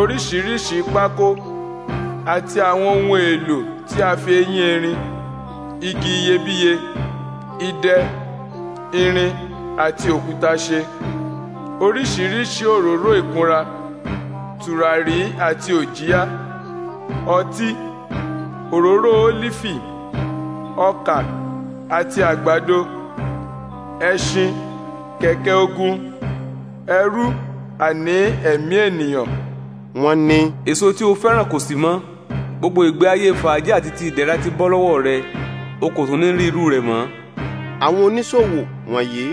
G: oríṣiríṣi pákó àti àwọn ohun èlò tí a fi eyín erin igi iyebíye idẹ irin àti òkúta ṣe oríṣiríṣi òróró ìkunra tùràrí àti òjíá ọtí òróró ólífì ọkà àti àgbàdo ẹṣin kẹ̀kẹ́ ogun ẹrú àní ẹ̀mí ènìyàn. wọ́n ní. èso tí o fẹ́ràn kò sí mọ́ gbogbo ìgbé
E: ayé fàájì àti ti ìdẹ̀ra ti bọ́ lọ́wọ́ rẹ o kò tún ní rí irú rẹ̀ mọ́. àwọn oníṣòwò wọ̀nyí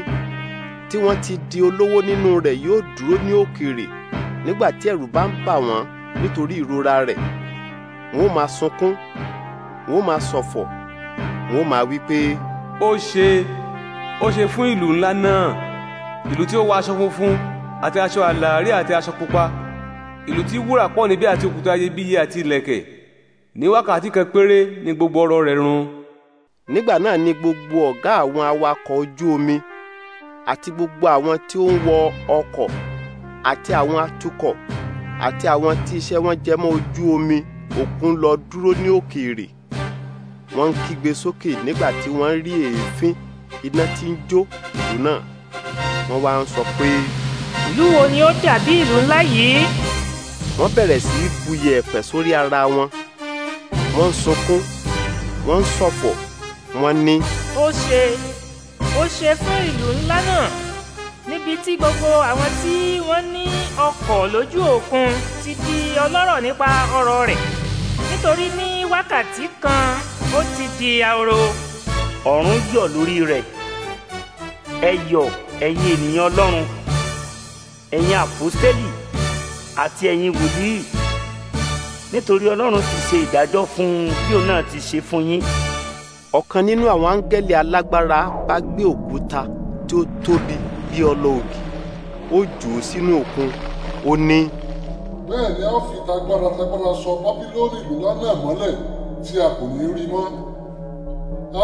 E: tí wọ́n ti di olówó nínú rẹ̀ yóò dúró ní òkèèrè nígbà tí ẹ̀rù bá ń bà wọ́n nítorí ìrora rẹ̀ wọ́n máa sunkún wọ́n máa ṣọ̀fọ̀ wọ́n máa wí pé. ó ṣe
A: ó ṣe fún ìlú ńlá náà ìlú tí ó wọ aṣọ funfun àti aṣọ àlàárí àti aṣọ pupa ìlú tí wúrà pọ̀ níbí àti òkúta iyebíye àti ilẹ̀kẹ̀ ní
E: wákàtí kan péré ni gbogbo ọrọ̀ rẹ̀ run nígbà náà ni gbogbo ọ̀gá àwọn awakọ̀ ojú omi àti gbogbo àwọn tí ó ń wọ ọkọ̀ àti àwọn atukọ̀ àti àwọn tí iṣẹ́ wọn jẹ mọ́ ojú omi òkun lọ dúró ní òkèèrè wọ́n ń kígbe sókè nígbà tí wọ́n rí èéfín iná tí ń jó ìlú náà wọ́n wá ń sọ pé.
F: ìlú wo ni ó dàbí
E: ìlú ńlá yìí. wọ́n bẹ̀rẹ̀ sí í bu yẹ̀ẹ̀pẹ̀ sórí ara wọn wọ́n ń sunkún wọ́n ń ṣọ̀fọ̀ wọ́n ní.
F: ó ṣe
D: ó ṣe fún ìlú ńlá náà níbi tí gbogbo àwọn tí wọ́n ní ọkọ̀ lójú òkun ti di ọlọ́rọ̀ nípa ọrọ̀ rẹ̀ nítorí ní wákàtí kan ó ti di ahoro. ọ̀run yọ̀ lórí rẹ̀ ẹ yọ̀ ẹ̀yin ènìyàn ọlọ́run ẹ̀yin àpọ́stélì àti ẹ̀yin wòlíì nítorí ọlọ́run ti ṣe ìdájọ́
E: fún un bí òun náà ti ṣe fún yín ọ̀kan nínú àwọn áńgẹ́lì alágbára bá gbé òkúta tí ó tóbi bí ọlọ́ọ̀gì ó jù ú sínú òkun
A: ó ní.
J: bẹ́ẹ̀ ni a ó fi tagbára tagbára sọ bábílónì ìlú lánàá mọ́lẹ̀ tí a kò ní rí mọ́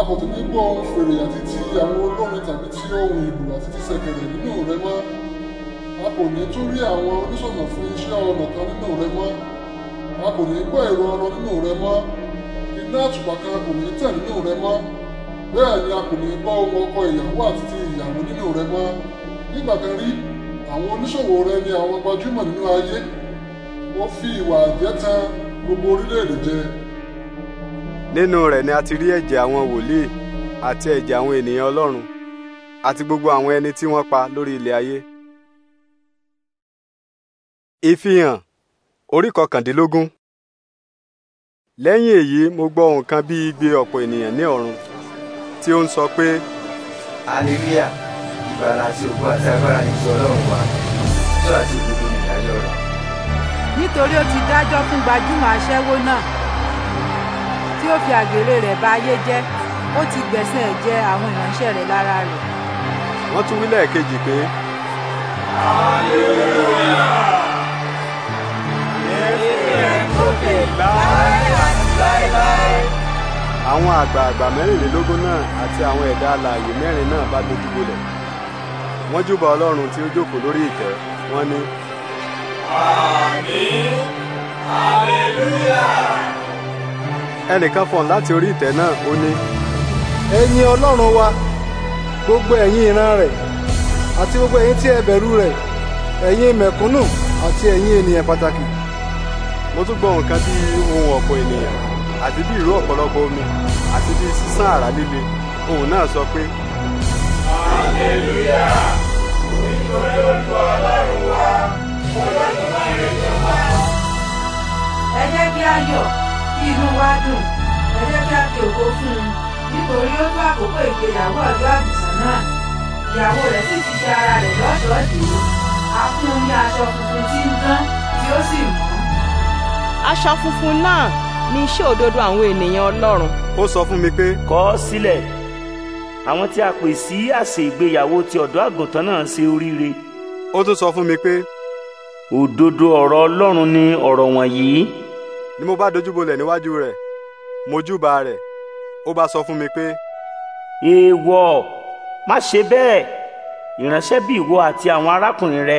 J: a kò tún ní gbọ́ ohun fèrè àti ti àwọn olórin tàbí ti ohun ìlú àti ti ṣẹ̀kẹ̀rẹ̀ nínú rẹ mọ́ a kò ní tún rí àwọn oníṣọ̀nà fún iṣẹ́ ọnà kan nínú rẹ mọ́ a kò ní gbọ́ èrò ọrọ̀ nínú rẹ mọ́ ní àtùpà kò ní tẹ̀ nínú rẹ mọ́ bẹ́ẹ̀ ni a kò ní gbọ́ ohun ọkọ ìyàwó àti ti ìyàwó nínú rẹ mọ́ nígbà kan rí àwọn oníṣòwò rẹ ni àwọn gbajúmọ̀ nínú ayé wọ́n fi ìwà àjẹ́ tan gbogbo orílẹ̀-èdè jẹ.
A: nínú rẹ̀ ni a ti rí ẹ̀jẹ̀ àwọn wòlíì àti ẹ̀jẹ̀ àwọn ènìyàn ọlọ́run àti gbogbo àwọn ẹni tí wọ́n pa lórí ilẹ̀ ayé. ìfihàn orí kọkàndínlógún lẹ́yìn èyí mo gbọ́ ohùn kan bí igbe ọ̀pọ̀ ènìyàn ní ọ̀run tí ó ń sọ pé.
D: aleluya ìgbàlà àti òkú àti agbára ní ti ọlọ́run wa tó àti òdodo ní ìdájọ́ rẹ̀.
I: nítorí ó ti dájọ́ fún gbajúmọ̀ aṣẹ́wó náà tí ó fi àgbèrè rẹ̀ bà ayé jẹ́ ó ti gbẹ̀sẹ̀ jẹ àwọn ìránṣẹ́ rẹ̀ lára rẹ̀.
A: wọ́n tún wí lẹ́ẹ̀kejì pé. aleluya.
I: Hallelujah. láéláé.
A: àwọn àgbààgbà mẹ́rìnlélógún náà àti àwọn ẹ̀dá alààyè mẹ́rin náà bá dojú bolẹ̀ wọ́n júbà ọlọ́run tí ó jókòó lórí ìtẹ́ wọ́n ní. àmín
F: aleluya. ẹnìkan fọ̀n láti orí ìtẹ́ náà ó ní. ẹ̀yin ọlọ́run wa gbogbo ẹ̀yin ìran rẹ̀ àti gbogbo ẹ̀yin tí ẹ bẹ̀rù rẹ̀ ẹ̀yin mẹ̀kúnnù àti ẹ̀yin ènìyàn pàtàkì mo tún gbọ́ nǹkan
A: ohun ọ̀pọ̀ ènìyàn àti bí ìró ọ̀pọ̀lọpọ̀ omi àti bí sísán àrá líle ohùn náà sọ pé. aleluya nítorí olúwa ọlọ́run wa olóòtú
I: máa ń retí wa. ẹ jẹ́ kí a yọ̀ kí inú wa dùn ẹ jẹ́ kí a fi ògo fún un nítorí ó tó àkókò ìgbéyàwó ọjọ́ àgùntàn náà ìyàwó rẹ̀ sì ti ṣe ara rẹ̀ lọ́ṣọ̀ọ́ dìé a fún un ní aṣọ funfun
F: tí ń dán tí ó sì mọ́.
D: aṣọ funfun náà ní iṣẹ́ òdodo àwọn ènìyàn Ọlọ́run. ó sọ fún mi pé. kọ ọ́ sílẹ̀ àwọn tí a pè sí àsè ìgbéyàwó ti ọ̀dọ́ àgùntàn náà ṣe oríire. ó tún sọ fún mi pé. òdodo ọ̀rọ̀ Ọlọ́run ni ọ̀rọ̀ wọ̀nyí. ni mo bá dojúbolẹ̀ níwájú rẹ̀ mo júbà rẹ̀ ó bá sọ fún mi pé. èèwọ̀ má ṣe bẹ́ẹ̀ ìránṣẹ́ bí ìwọ àti àwọn arákùnrin rẹ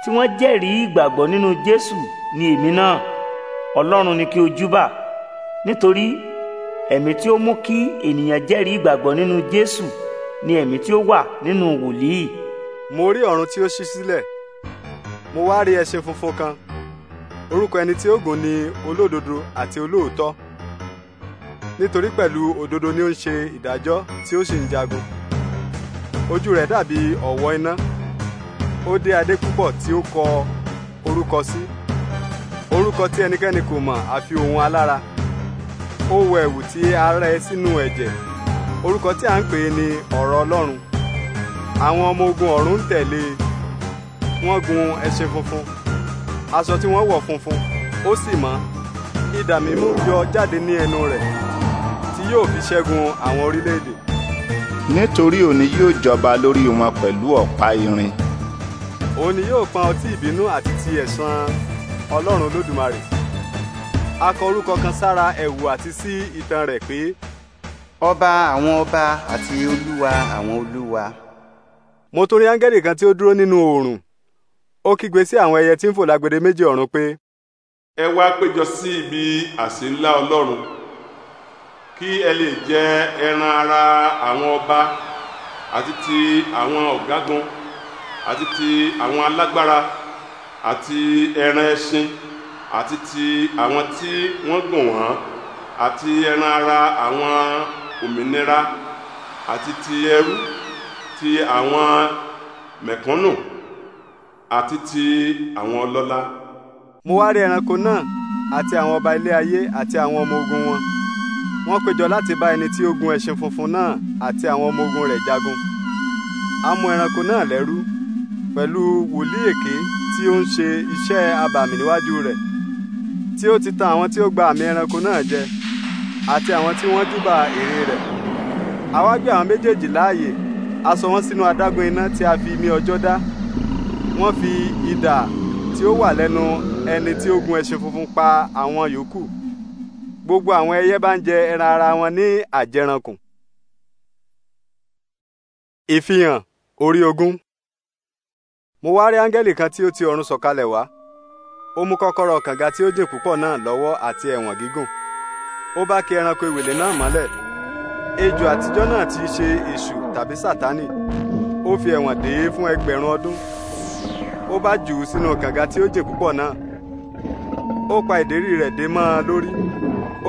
D: tí wọ́n jẹ́rìí ìgbàgbọ́ nínú Jésù ni èmi náà ọlọ́run ni kí o júbà nítorí ẹ̀mí tí ó mú kí ènìyàn jẹ́rìí ìgbàgbọ́ nínú jésù ni ẹ̀mí tí ó wà nínú wòlíì. mo rí ọ̀run tí ó ṣí sílẹ̀ mo
A: wá rí ẹṣin funfun kan orúkọ ẹni tí ó gùn ni olódodo àti olóòótọ́ nítorí pẹ̀lú òdodo ni ó ń ṣe ìdájọ́ tí ó sì ń jagun ojú rẹ̀ dàbí ọ̀wọ́ iná ó dé adé púpọ̀ tí ó kọ orúkọ sí. Si orúkọ tí ẹnikẹ́ni kò mọ̀ àfi òun alára ó wọ ẹ̀wù tí a rẹ́ sínú ẹ̀jẹ̀ orúkọ tí a ń pè é ní ọ̀rọ̀ Ọlọ́run àwọn ọmọ ogun ọ̀rún ń tẹ̀lé e gun ẹṣin funfun aṣọ tí wọ́n wọ̀ funfun ó sì mọ́ idà mímú yọ jáde ní ẹnu rẹ̀ tí yóò fi ṣẹ́gun àwọn orílẹ̀-èdè.
E: nítorí òní yóò jọba lórí wọn pẹ̀lú ọ̀pá irin.
A: òní yóò pọn ọtí ìbínú àti ti ẹ̀san ọlọ́run olódùmarè a kọ orúkọ kan sára ẹ̀wù àti sí itan rẹ̀ pé. ọba àwọn ọba àti olúwa àwọn olúwa. mo tún rí áńgẹ́lì kan tí ó dúró nínú oòrùn ó kígbe sí àwọn ẹyẹ tí ń fò lágbede méjì ọ̀run pé.
G: ẹ wá péjọ sí ibi àsè ńlá ọlọ́run kí ẹ lè jẹ ẹran ara àwọn ọba àti ti àwọn ọ̀gágun àti ti àwọn alágbára àti ẹran ẹṣin àti ti àwọn tí wọ́n gùn wọ́n àti ẹran ara àwọn òmìnira àti ti ẹrú ti àwọn mẹ̀kúnnù àti ti àwọn ọlọ́lá.
A: mo wá rí ẹranko náà àti àwọn ọba ilé ayé àti àwọn ọmọ ogun wọn wọ́n péjọ láti bá ẹni tí ó gun ẹṣin funfun náà àti àwọn ọmọ ogun rẹ̀ jagun a mú ẹranko náà lẹ́rú pẹ̀lú wòlíì èké tí ó ń ṣe iṣẹ́ abàmì níwájú rẹ̀ tí ó ti tan àwọn tí ó gba àmì ẹranko náà jẹ àti àwọn tí wọ́n júbà ère rẹ̀ a wá gbé àwọn méjèèjì láàyè a sọ wọ́n sínú adágún iná tí a fi mí ọjọ́ dá wọ́n fi idà tí ó wà lẹ́nu ẹni tí ó gun ẹṣin funfun pa àwọn yòókù gbogbo àwọn ẹyẹ bá ń jẹ ẹran ara wọn ní àjẹrankùn. ìfihàn orí ogún mo wá rí áńgẹ́lì kan tí ó ti ọ̀run sọ̀kalẹ̀ wá ó mú kọ́kọ́rọ́ kànga tí ó jìn púpọ̀ náà lọ́wọ́ àti ẹ̀wọ̀n gígùn ó bá ki ẹranko ìwèlè náà mọ́lẹ̀ ejò àtijọ́ náà ti ṣe èṣù tàbí sátánì ó fi ẹ̀wọ̀n dè fún ẹgbẹ̀rún ọdún ó bá jù ú sínú kànga tí ó jìn púpọ̀ náà ó pa ìdérí rẹ̀ dé mọ́ ọ lórí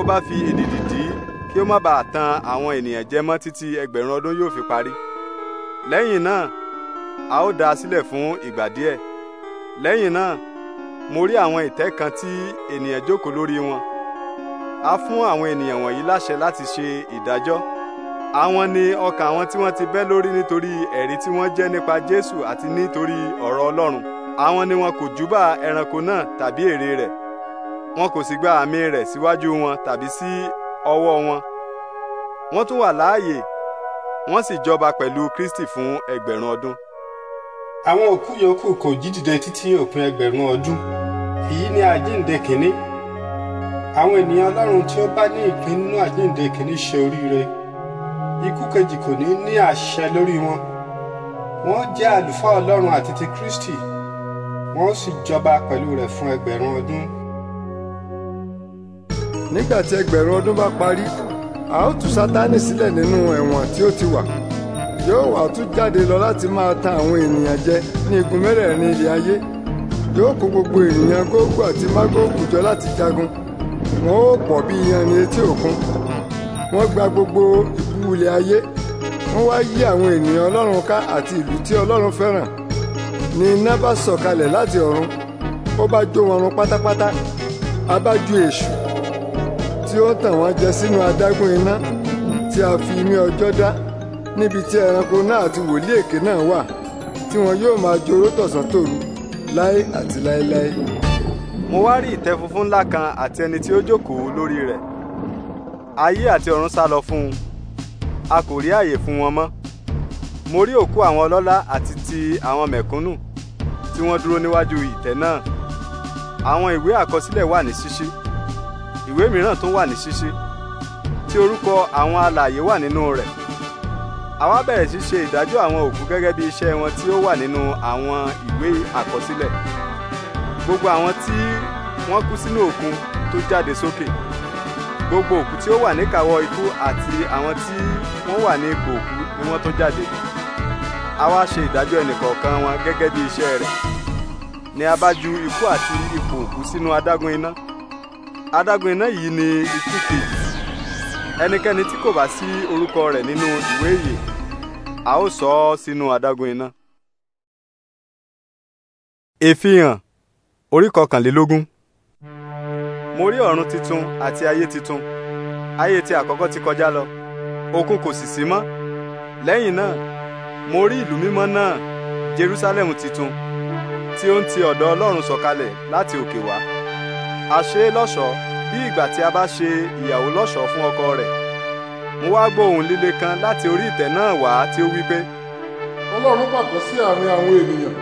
A: ó bá fi ìdìdì dì í kí ó má bàa tan àwọn ènìyàn jẹ títí ẹgbẹ̀rún ọdún yóò fi parí lẹ́yìn náà a ó dá a sílẹ̀ fún ìgbà díẹ̀ lẹ́yìn náà mo rí àwọn ìtẹ́ kan tí ènìyàn jókòó lórí wọn a fún àwọn ènìyàn wọ̀nyí láṣẹ láti ṣe ìdájọ́ àwọn ni ọkàn àwọn tí wọ́n ti bẹ́ lórí nítorí ẹ̀rí tí wọ́n jẹ́ nípa Jésù àti nítorí ọ̀rọ̀ Ọlọ́run àwọn ni wọn kò júbà ẹranko náà tàbí ère rẹ̀ wọn kò sì gba àmì rẹ̀ síwájú wọn tàbí sí ọwọ́ wọn wọ́n tún wà láàyè wọ́n sì jọba pẹ̀lú Kristi fún ẹgbẹ̀rún ọdún àwọn òkú yòókù
I: kò jí dìde títí òpin ẹgbẹ̀rún ọdún èyí ni àjínde kìíní àwọn ènìyàn ọlọ́run tí ó bá ní ìpín nínú àjínde kìíní ṣe oríire ikú kejì kò ní ní àṣẹ lórí wọn wọ́n jẹ́ àlùfáà ọlọ́run àti ti kristi wọ́n sì
H: jọba pẹ̀lú rẹ̀ fún ẹgbẹ̀rún ọdún. nígbà tí ẹgbẹ̀rún ọdún bá parí a ó tú sátánì sílẹ̀ nínú ẹ̀wọ̀n tí ó ti wà yóò wá tún jáde lọ láti máa ta àwọn ènìyàn jẹ ní igun mẹ́rẹ̀ẹ̀rin ilẹ̀ ayé yóò kó gbogbo ènìyàn gógó àti mágógù jọ láti jagun wọn ó pọ̀ bí iyanrìn etí òkun wọ́n gba gbogbo ìbú ilẹ̀ ayé wọ́n wá yí àwọn ènìyàn ọlọ́run ká àti ìlú tí ọlọ́run fẹ́ràn ni iná bá sọ̀kalẹ̀ láti ọ̀run ó bá jó wọn run pátápátá a èṣù tí ó tàn wọ́n jẹ sínú adágún iná tí a fi imí ọjọ́ dá níbi tí ẹranko náà àti wòlíì èké náà wà tí wọn yóò máa joró tọ̀sán tòru láé àti
A: láéláé. mo wá rí ìtẹ́ funfun ńlá kan àti ẹni tí ó jókòó lórí rẹ̀ ayé àti ọ̀run sá lọ fún un a kò rí àyè fún wọn mọ́ mo rí òkú àwọn ọlọ́lá àti ti àwọn mẹ̀kúnnù tí wọ́n dúró níwájú ìtẹ́ náà àwọn ìwé àkọsílẹ̀ wà ní ṣíṣí ìwé mìíràn tún wà ní ṣíṣí tí orúkọ àwọn alààyè wà nínú rẹ̀ àwa bẹ̀rẹ̀ sí ṣe ìdájọ́ àwọn òkú gẹ́gẹ́ bí iṣẹ́ wọn tí ó wà nínú àwọn ìwé àkọsílẹ̀ gbogbo àwọn tí wọ́n kú sínú òkun tó jáde sókè gbogbo òkú tí ó wà níkàwọ́ ikú àti àwọn tí wọ́n wà ní ipò òkú ni wọ́n tó jáde àwa ṣe ìdájọ́ ẹnìkọ̀ọ̀kan wọn gẹ́gẹ́ bí iṣẹ́ rẹ̀ ni a bá ju ikú àti ipò òkú sínú adágún iná adágún iná yìí ni ikú kejì ẹnikẹ́ni tí kò bá sí orúkọ rẹ̀ nínú ìwé ìyè a ó sọ ọ́ sínú adágún iná. ìfihàn orí kọkànlélógún. mo rí ọ̀run titun àti ayé titun ayé tí àkọ́kọ́ ti kọjá lọ òkun kò sì sí mọ́ lẹ́yìn náà mo rí ìlú mímọ́ náà Jerúsálẹ́mù titun tí ó ń ti ọ̀dọ̀ Ọlọ́run sọ̀kalẹ̀ láti òkè wá a ṣe é lọ́ṣọ̀ọ́ bí ìgbà tí a bá ṣe ìyàwó lọ́ṣọ̀ọ́ fún ọkọ rẹ̀ mo wá gbọ́ líle kan láti orí ìtẹ́ náà wá tí ó wí pé.
J: ọlọ́run pàkọ́ sí àárín àwọn ènìyàn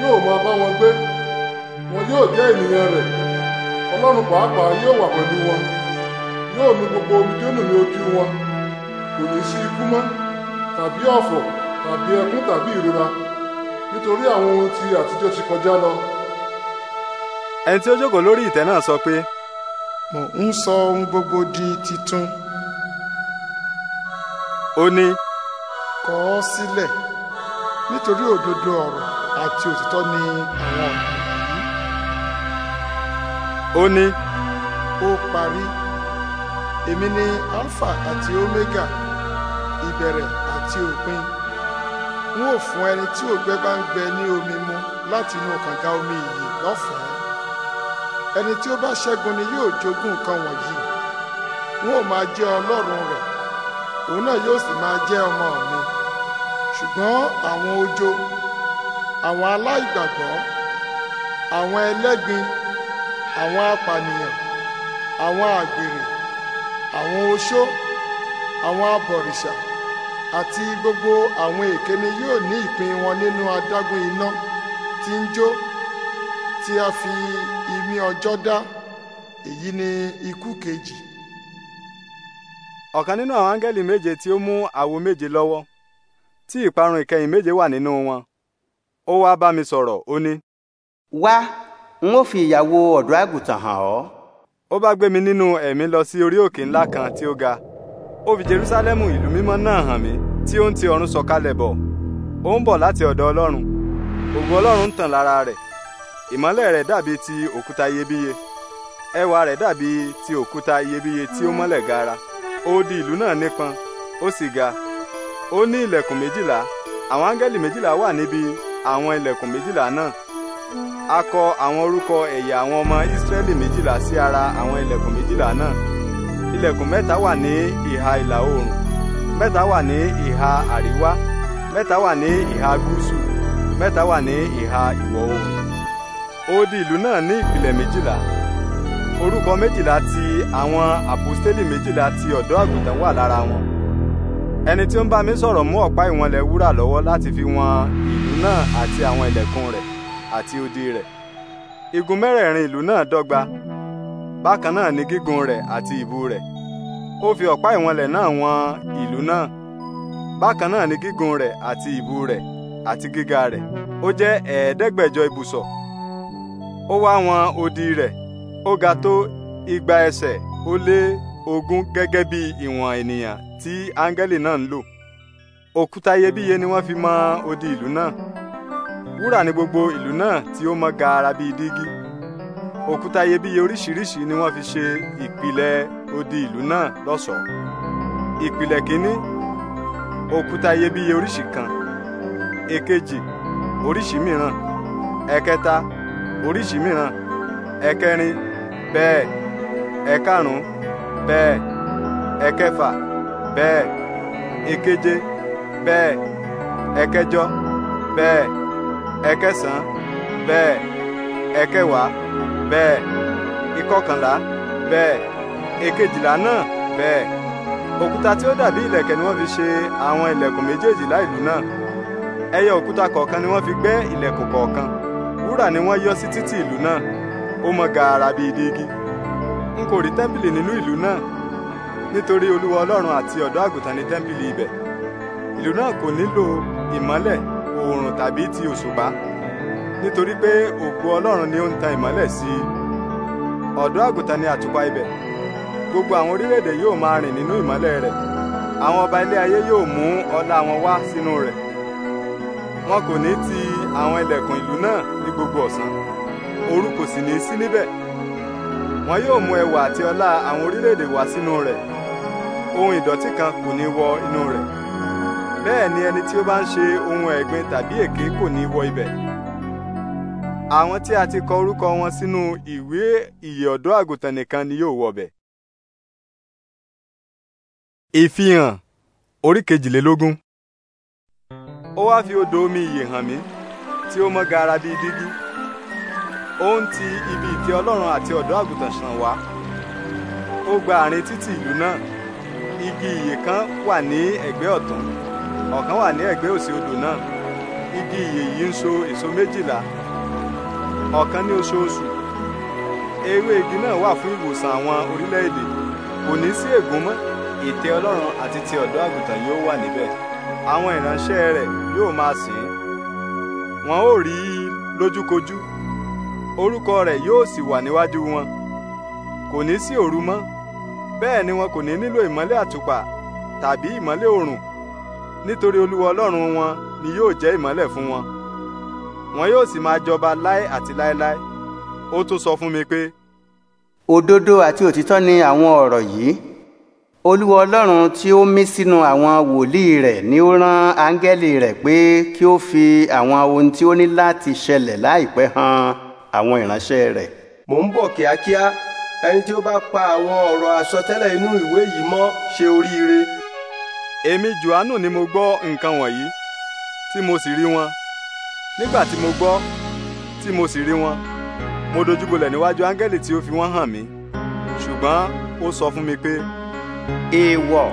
J: yóò máa bá wọn gbé wọn yóò jẹ́ ènìyàn rẹ̀ ọlọ́run pàápàá yóò wà pẹ̀lú wọn yóò nu gbogbo omijé nù ní ojú wọn kò ní sí ikú mọ́ tàbí ọ̀fọ̀ tàbí ẹkún tàbí ìrora nítorí àwọn ohun tí àtijọ́ ti kọjá lọ.
A: ẹni tí ó jókòó lórí ìtẹ́ náà sọ pé
J: mò ń sọ ohun
C: gbogbo di titun. ó ní. kọ ọ́ sílẹ̀ nítorí òdodo ọ̀rọ̀ àti òtítọ́ ni àwọn ọ̀nà yìí. ó ní. ó parí èmi ni alpha àti omega ìbẹ̀rẹ̀ àti òpin n ó fún ẹni tí ògbẹ bá ń gbẹ ní omi mu láti inú kànga omi ìyè lọ́fọ̀ọ́ ẹni tí ó bá ṣẹ́gun ni yóò jogún nǹkan wọ̀nyí wọn ò máa jẹ́ ọlọ́run rẹ̀ òun náà yóò sì máa jẹ́ ọmọ mi ṣùgbọ́n àwọn ojo àwọn aláìgbàgbọ́ àwọn ẹlẹ́gbin àwọn apànìyàn àwọn àgbèrè àwọn oṣó àwọn abọ̀rìṣà àti gbogbo àwọn èké ni yóò ní ìpín wọn nínú adágún iná tí ń jó
A: tí a fi imí ọjọ́ dá èyí ni ikú kejì. ọ̀kan nínú àwọn áńgẹ́lì méje tí ó mú àwo méje lọ́wọ́ tí ìparun ìkẹyìn méje wà nínú wọn ó wá bá mi sọ̀rọ̀ ó ní. wá n ó fi ìyàwó ọ̀dọ́ àgùntàn hàn ọ́. ó bá gbé mi nínú ẹ̀mí lọ sí orí òkè ńlá kan tí ó ga ó fi Jerúsálẹ́mù ìlú mímọ́ náà hàn mí tí ó ń ti ọ̀run sọ̀kalẹ̀ bọ̀ ó ń bọ̀ láti ọ̀dọ̀ Ọlọ́run ògo Ọlọ́run ń tàn lára rẹ̀ ìmọ́lẹ̀ rẹ̀ dàbí ti òkúta iyebíye ẹwà rẹ̀ dàbí ti òkúta iyebíye tí ó mọ́lẹ̀ gara ó di ìlú náà nípọn ó sì ga ó ní ilẹ̀kùn méjìlá àwọn áńgẹ́lì méjìlá wà níbi àwọn ilẹ̀kùn méjìlá náà a kọ àwọn orúkọ ẹ̀yà àwọn ọmọ ìsírẹ́lì méjìlá sí ara àwọn ilẹ̀kùn méjìlá náà ilẹ̀kùn mẹ́ta wà ní ìhà ìlà oòrùn mẹ́ta wà ní ìhà àríwá mẹ́ta wà ní ìhà gúúsù mẹ́ta wà ní ìhà ìwọ̀ oòrùn odi ìlú náà ní ìpìlẹ̀ méjìlá orúkọ méjìlá ti àwọn àpòstélì méjìlá ti ọ̀dọ́ àgùntàn wà lára wọn ẹni tí ó ń bá mi sọ̀rọ̀ mú ọ̀pá ìwọ̀nlẹ̀ wúrà lọ́wọ́ láti fi wọn ìlú náà àti àwọn ilẹ̀kùn rẹ̀ àti odi rẹ̀ igun mẹ́rẹ̀ẹ̀rin ìlú náà dọ́gba bákan náà ni gígùn rẹ̀ àti ìbú rẹ̀ ó fi ọ̀pá ìwọ̀nlẹ̀ náà wọn ìlú náà bákan náà ni gígùn rẹ̀ àti ìbú rẹ̀ àti gíga rẹ̀ ó jẹ́ ẹ̀ẹ́dẹ́gbẹ̀jọ ibùsọ̀ ó wá wọn odi rẹ̀ ó ga tó igba ẹsẹ̀ ó lé ogún gẹ́gẹ́ bí ìwọ̀n ènìyàn tí áńgẹ́lì náà ń lò òkúta iyebíye ni wọ́n fi mọ odi ìlú náà wúrà ni gbogbo ìlú náà tí ó mọ́ gaara bíi dígí òkúta iyebíye oríṣiríṣi ni wọ́n fi ṣe ìpìlẹ̀ odi ìlú náà lọ́ṣọ̀ọ́ ìpìlẹ̀ kínní òkúta iyebíye oríṣi kan èkejì oríṣi mìíràn ẹ̀kẹta oríṣi mìíràn ẹ̀kẹrin bẹ́ẹ̀ ẹ̀karùn-ún bẹ́ẹ̀ ẹ̀kẹfà bẹ́ẹ̀ ẹ̀keje bẹ́ẹ̀ ẹ̀kẹjọ bẹ́ẹ̀ ẹ̀kẹsàn-án bẹ́ẹ̀ ẹ̀kẹwàá bẹ́ẹ̀ ìkọkànlá bẹ́ẹ̀ èkejìlá náà bẹ́ẹ̀ òkúta tí ó dàbí ìlẹ̀kẹ̀ ni wọ́n fi ṣe àwọn ìlẹ̀kùn méjèèjìlá ìlú náà ẹyẹ òkúta kọ̀ọ̀kan ni wọ́n fi gbẹ́ ìlẹ̀kùn kọ̀ọ̀kan wúrà ni wọ́n yọ sí títí ìlú náà ó mọ bíi rí tẹ́ḿpìlì nínú ìlú náà nítorí olúwa àti ọ̀dọ́ àgùntàn ní tẹ́ḿpìlì ibẹ̀ ìlú náà kò nílò ìmọ́lẹ̀ oòrùn tàbí ti àwọn ilẹ̀kùn ìlú náà ní gbogbo ọ̀sán òru kò sì ní í sí níbẹ̀ wọn yóò mú ẹwà àti ọlá àwọn orílẹ̀-èdè wá sínú rẹ̀ ohun ìdọ̀tí kan kò ní wọ inú rẹ̀ bẹ́ẹ̀ ni ẹni tí ó bá ń ṣe ohun ẹ̀gbin tàbí èké kò ní wọ ibẹ̀ àwọn tí a ti kọ orúkọ wọn sínú ìwé ìyè ọ̀dọ́ àgùntàn nìkan ni yóò wọ bẹ̀. ìfihàn orí kejìlélógún ó wá fi odò omi ìyè hàn mí tí ó mọ́ gara bíi dígí ó ti ibi ìtẹ́ ọlọ́run àti ọ̀dọ́ àgùntàn ṣàn wá ó gba àárín títì ìlú náà igi ìyè kan wà ní ẹ̀gbẹ́ ọ̀tún ọ̀kan wà ní ẹ̀gbẹ́ òsì odò náà igi ìyè yìí ń so èso méjìlá ọ̀kan ní oṣooṣù ewé igi náà wà fún ìwòsàn àwọn orílẹ̀-èdè kò ní sí ègún mọ́ ìtẹ́ ọlọ́run àti ti ọ̀dọ́ àgùntàn yóò wà níbẹ̀ àwọn ìránṣẹ́ rẹ̀ yóò máa sìn wọn ó rí i lójúkojú orúkọ rẹ̀ yóò sì wà níwájú wọn kò ní sí òru mọ́ bẹ́ẹ̀ ni wọn kò ní nílò ìmọ́lẹ̀ àtùpà tàbí ìmọ́lẹ̀ òrùn nítorí olúwa ọlọ́run wọn ni yóò jẹ́ ìmọ́lẹ̀ fún wọn wọn yóò sì máa jọba láé àti láéláé ó tún sọ fún mi pé.
D: òdodo àti òtítọ́ ni àwọn ọ̀rọ̀ yìí olúwa ọlọ́run tí ó mí sínú àwọn wòlíì rẹ̀ ni ó rán áńgẹ́lì rẹ̀ pé kí ó fi àwọn ohun tí ó ní láti ṣẹlẹ̀ láìpẹ́ hàn àwọn ìránṣẹ́ rẹ̀. mò ń bọ̀ kíákíá ẹni tí ó bá pa àwọn ọ̀rọ̀ àsọtẹ́lẹ̀
A: inú ìwé yìí mọ́ ṣe oríire. èmi johannu ni mo gbọ́ nǹkan wọ̀nyí tí mo sì rí wọn nígbà tí mo gbọ́ tí mo sì rí wọn mo dojúbolẹ̀ níwájú áńgẹ́lì tí ó fi wọ́n hàn mí ṣùgbọ́n ó sọ fún mi
D: pé èèwọ̀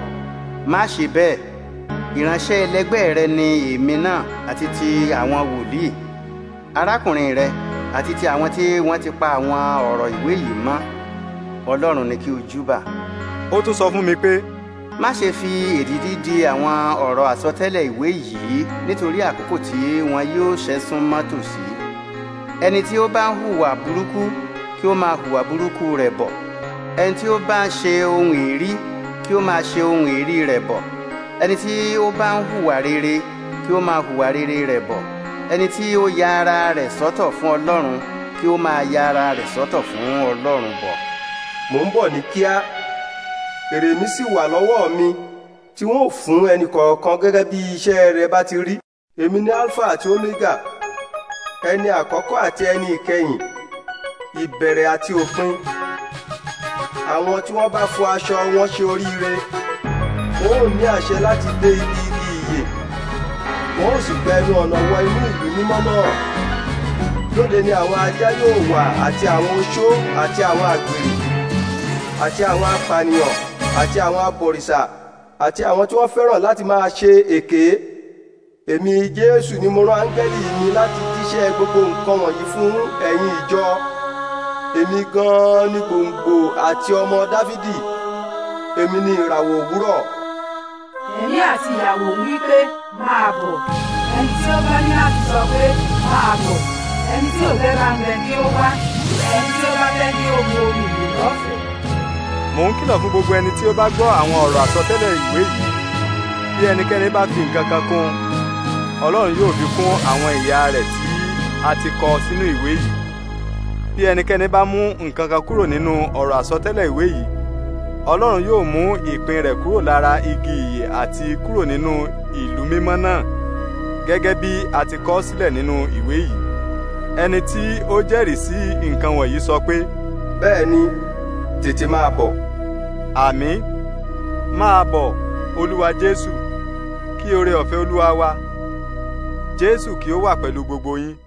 D: má ṣe bẹ́ẹ̀ ìránṣẹ́ ẹlẹgbẹ́ rẹ ni èmi náà àti ti àwọn wòlíì arákùnrin rẹ àti ti àwọn tí wọ́n ti pa àwọn ọ̀rọ̀ ìwé yìí mọ́ ọlọ́run ni kí o júbà. ó tún sọ fún mi pé. má ṣe fi èdìdí di àwọn ọ̀rọ̀ àsọtẹ́lẹ̀ ìwé yìí nítorí àkókò tí wọn yóò ṣẹ́sún mọ́tòsí. ẹni tí ó bá ń hùwà burúkú kí ó máa hùwà burúkú rẹ̀ bọ̀ ẹni tí ó bá ń ṣe ohun èrí kí ó máa ṣe ohun ìrí rẹ̀ bọ̀ ẹni tí ó bá ń hùwà rere kí ó máa hùwà rere rẹ̀ bọ̀ ẹni tí ó ya ara rẹ̀ sọ́tọ̀ fún ọlọ́run kí ó máa ya ara rẹ̀ sọ́tọ̀ fún ọlọ́run bọ̀. mò ń bọ̀ ní kíá
A: èrè mi sì wà lọ́wọ́ mi tí wọ́n ò fún ẹnì kọ̀ọ̀kan gẹ́gẹ́ bí iṣẹ́ rẹ̀ bá ti rí èmi ní alpha àti omega ẹni àkọ́kọ́ àti ẹni ìkẹyìn ìbẹ̀rẹ̀ àti òpin àwọn tí wọ́n bá fọ aṣọ wọn ṣe oríire wọn ò ní àṣẹ láti dé ibi igi ìyè wọn ò sì gbẹnu ọ̀nà wọ inú ìlú mímọ́ náà lóde ni àwọn ajá yóò wà àti àwọn oṣó àti àwọn àgbèrè àti àwọn apànìyàn àti àwọn abọ̀rìṣà àti àwọn tí wọ́n fẹ́ràn láti máa ṣe èké èmi Jésù ni mo rán áńgẹ́lì mi láti jíṣẹ́ gbogbo nǹkan wọ̀nyí fún ẹ̀yin ìjọ èmi gan-an ni gbòǹgbò àti ọmọ dáfídì èmi ni ìràwọ̀ òwúrọ̀. ẹ̀mí àti ìyàwó ń wí pé máa
I: bọ̀ ẹni tí ó bá ní láti sọ pé máa bọ̀ ẹni tí ò fẹ́ máa ń bẹ
B: kí ó wá ẹni tí ó bá fẹ́ kí ó mu omi lọ́fẹ̀ẹ́.
A: mò ń kìlọ̀ fún gbogbo ẹni tí ó bá gbọ́ àwọn ọ̀rọ̀ àsọtẹ́lẹ̀ ìwé yìí bí ẹnikẹ́ni bá fi nǹkan kan kún Ọlọ́run yóò fi kún àwọn ìyà rẹ̀ tí a ti kọ sínú ìwé yìí bí ẹnikẹ́ni bá mú nǹkan kan kúrò nínú ọ̀rọ̀ àsọtẹ́lẹ̀ ìwé yìí ọlọ́run yóò mú ìpín rẹ̀ kúrò lára igi ìyè àti kúrò nínú ìlú mímọ́ náà gẹ́gẹ́ bí a ti kọ sílẹ̀ nínú ìwé yìí ẹni tí ó jẹ́rìí sí nǹkan wọ̀nyí sọ pé. bẹ́ẹ̀ ni tètè máa bọ̀. àmín máa bọ̀ olúwa jésù kí oore ọ̀fẹ́ olúwa wa jésù kí ó wà pẹ̀lú gbogbo yín.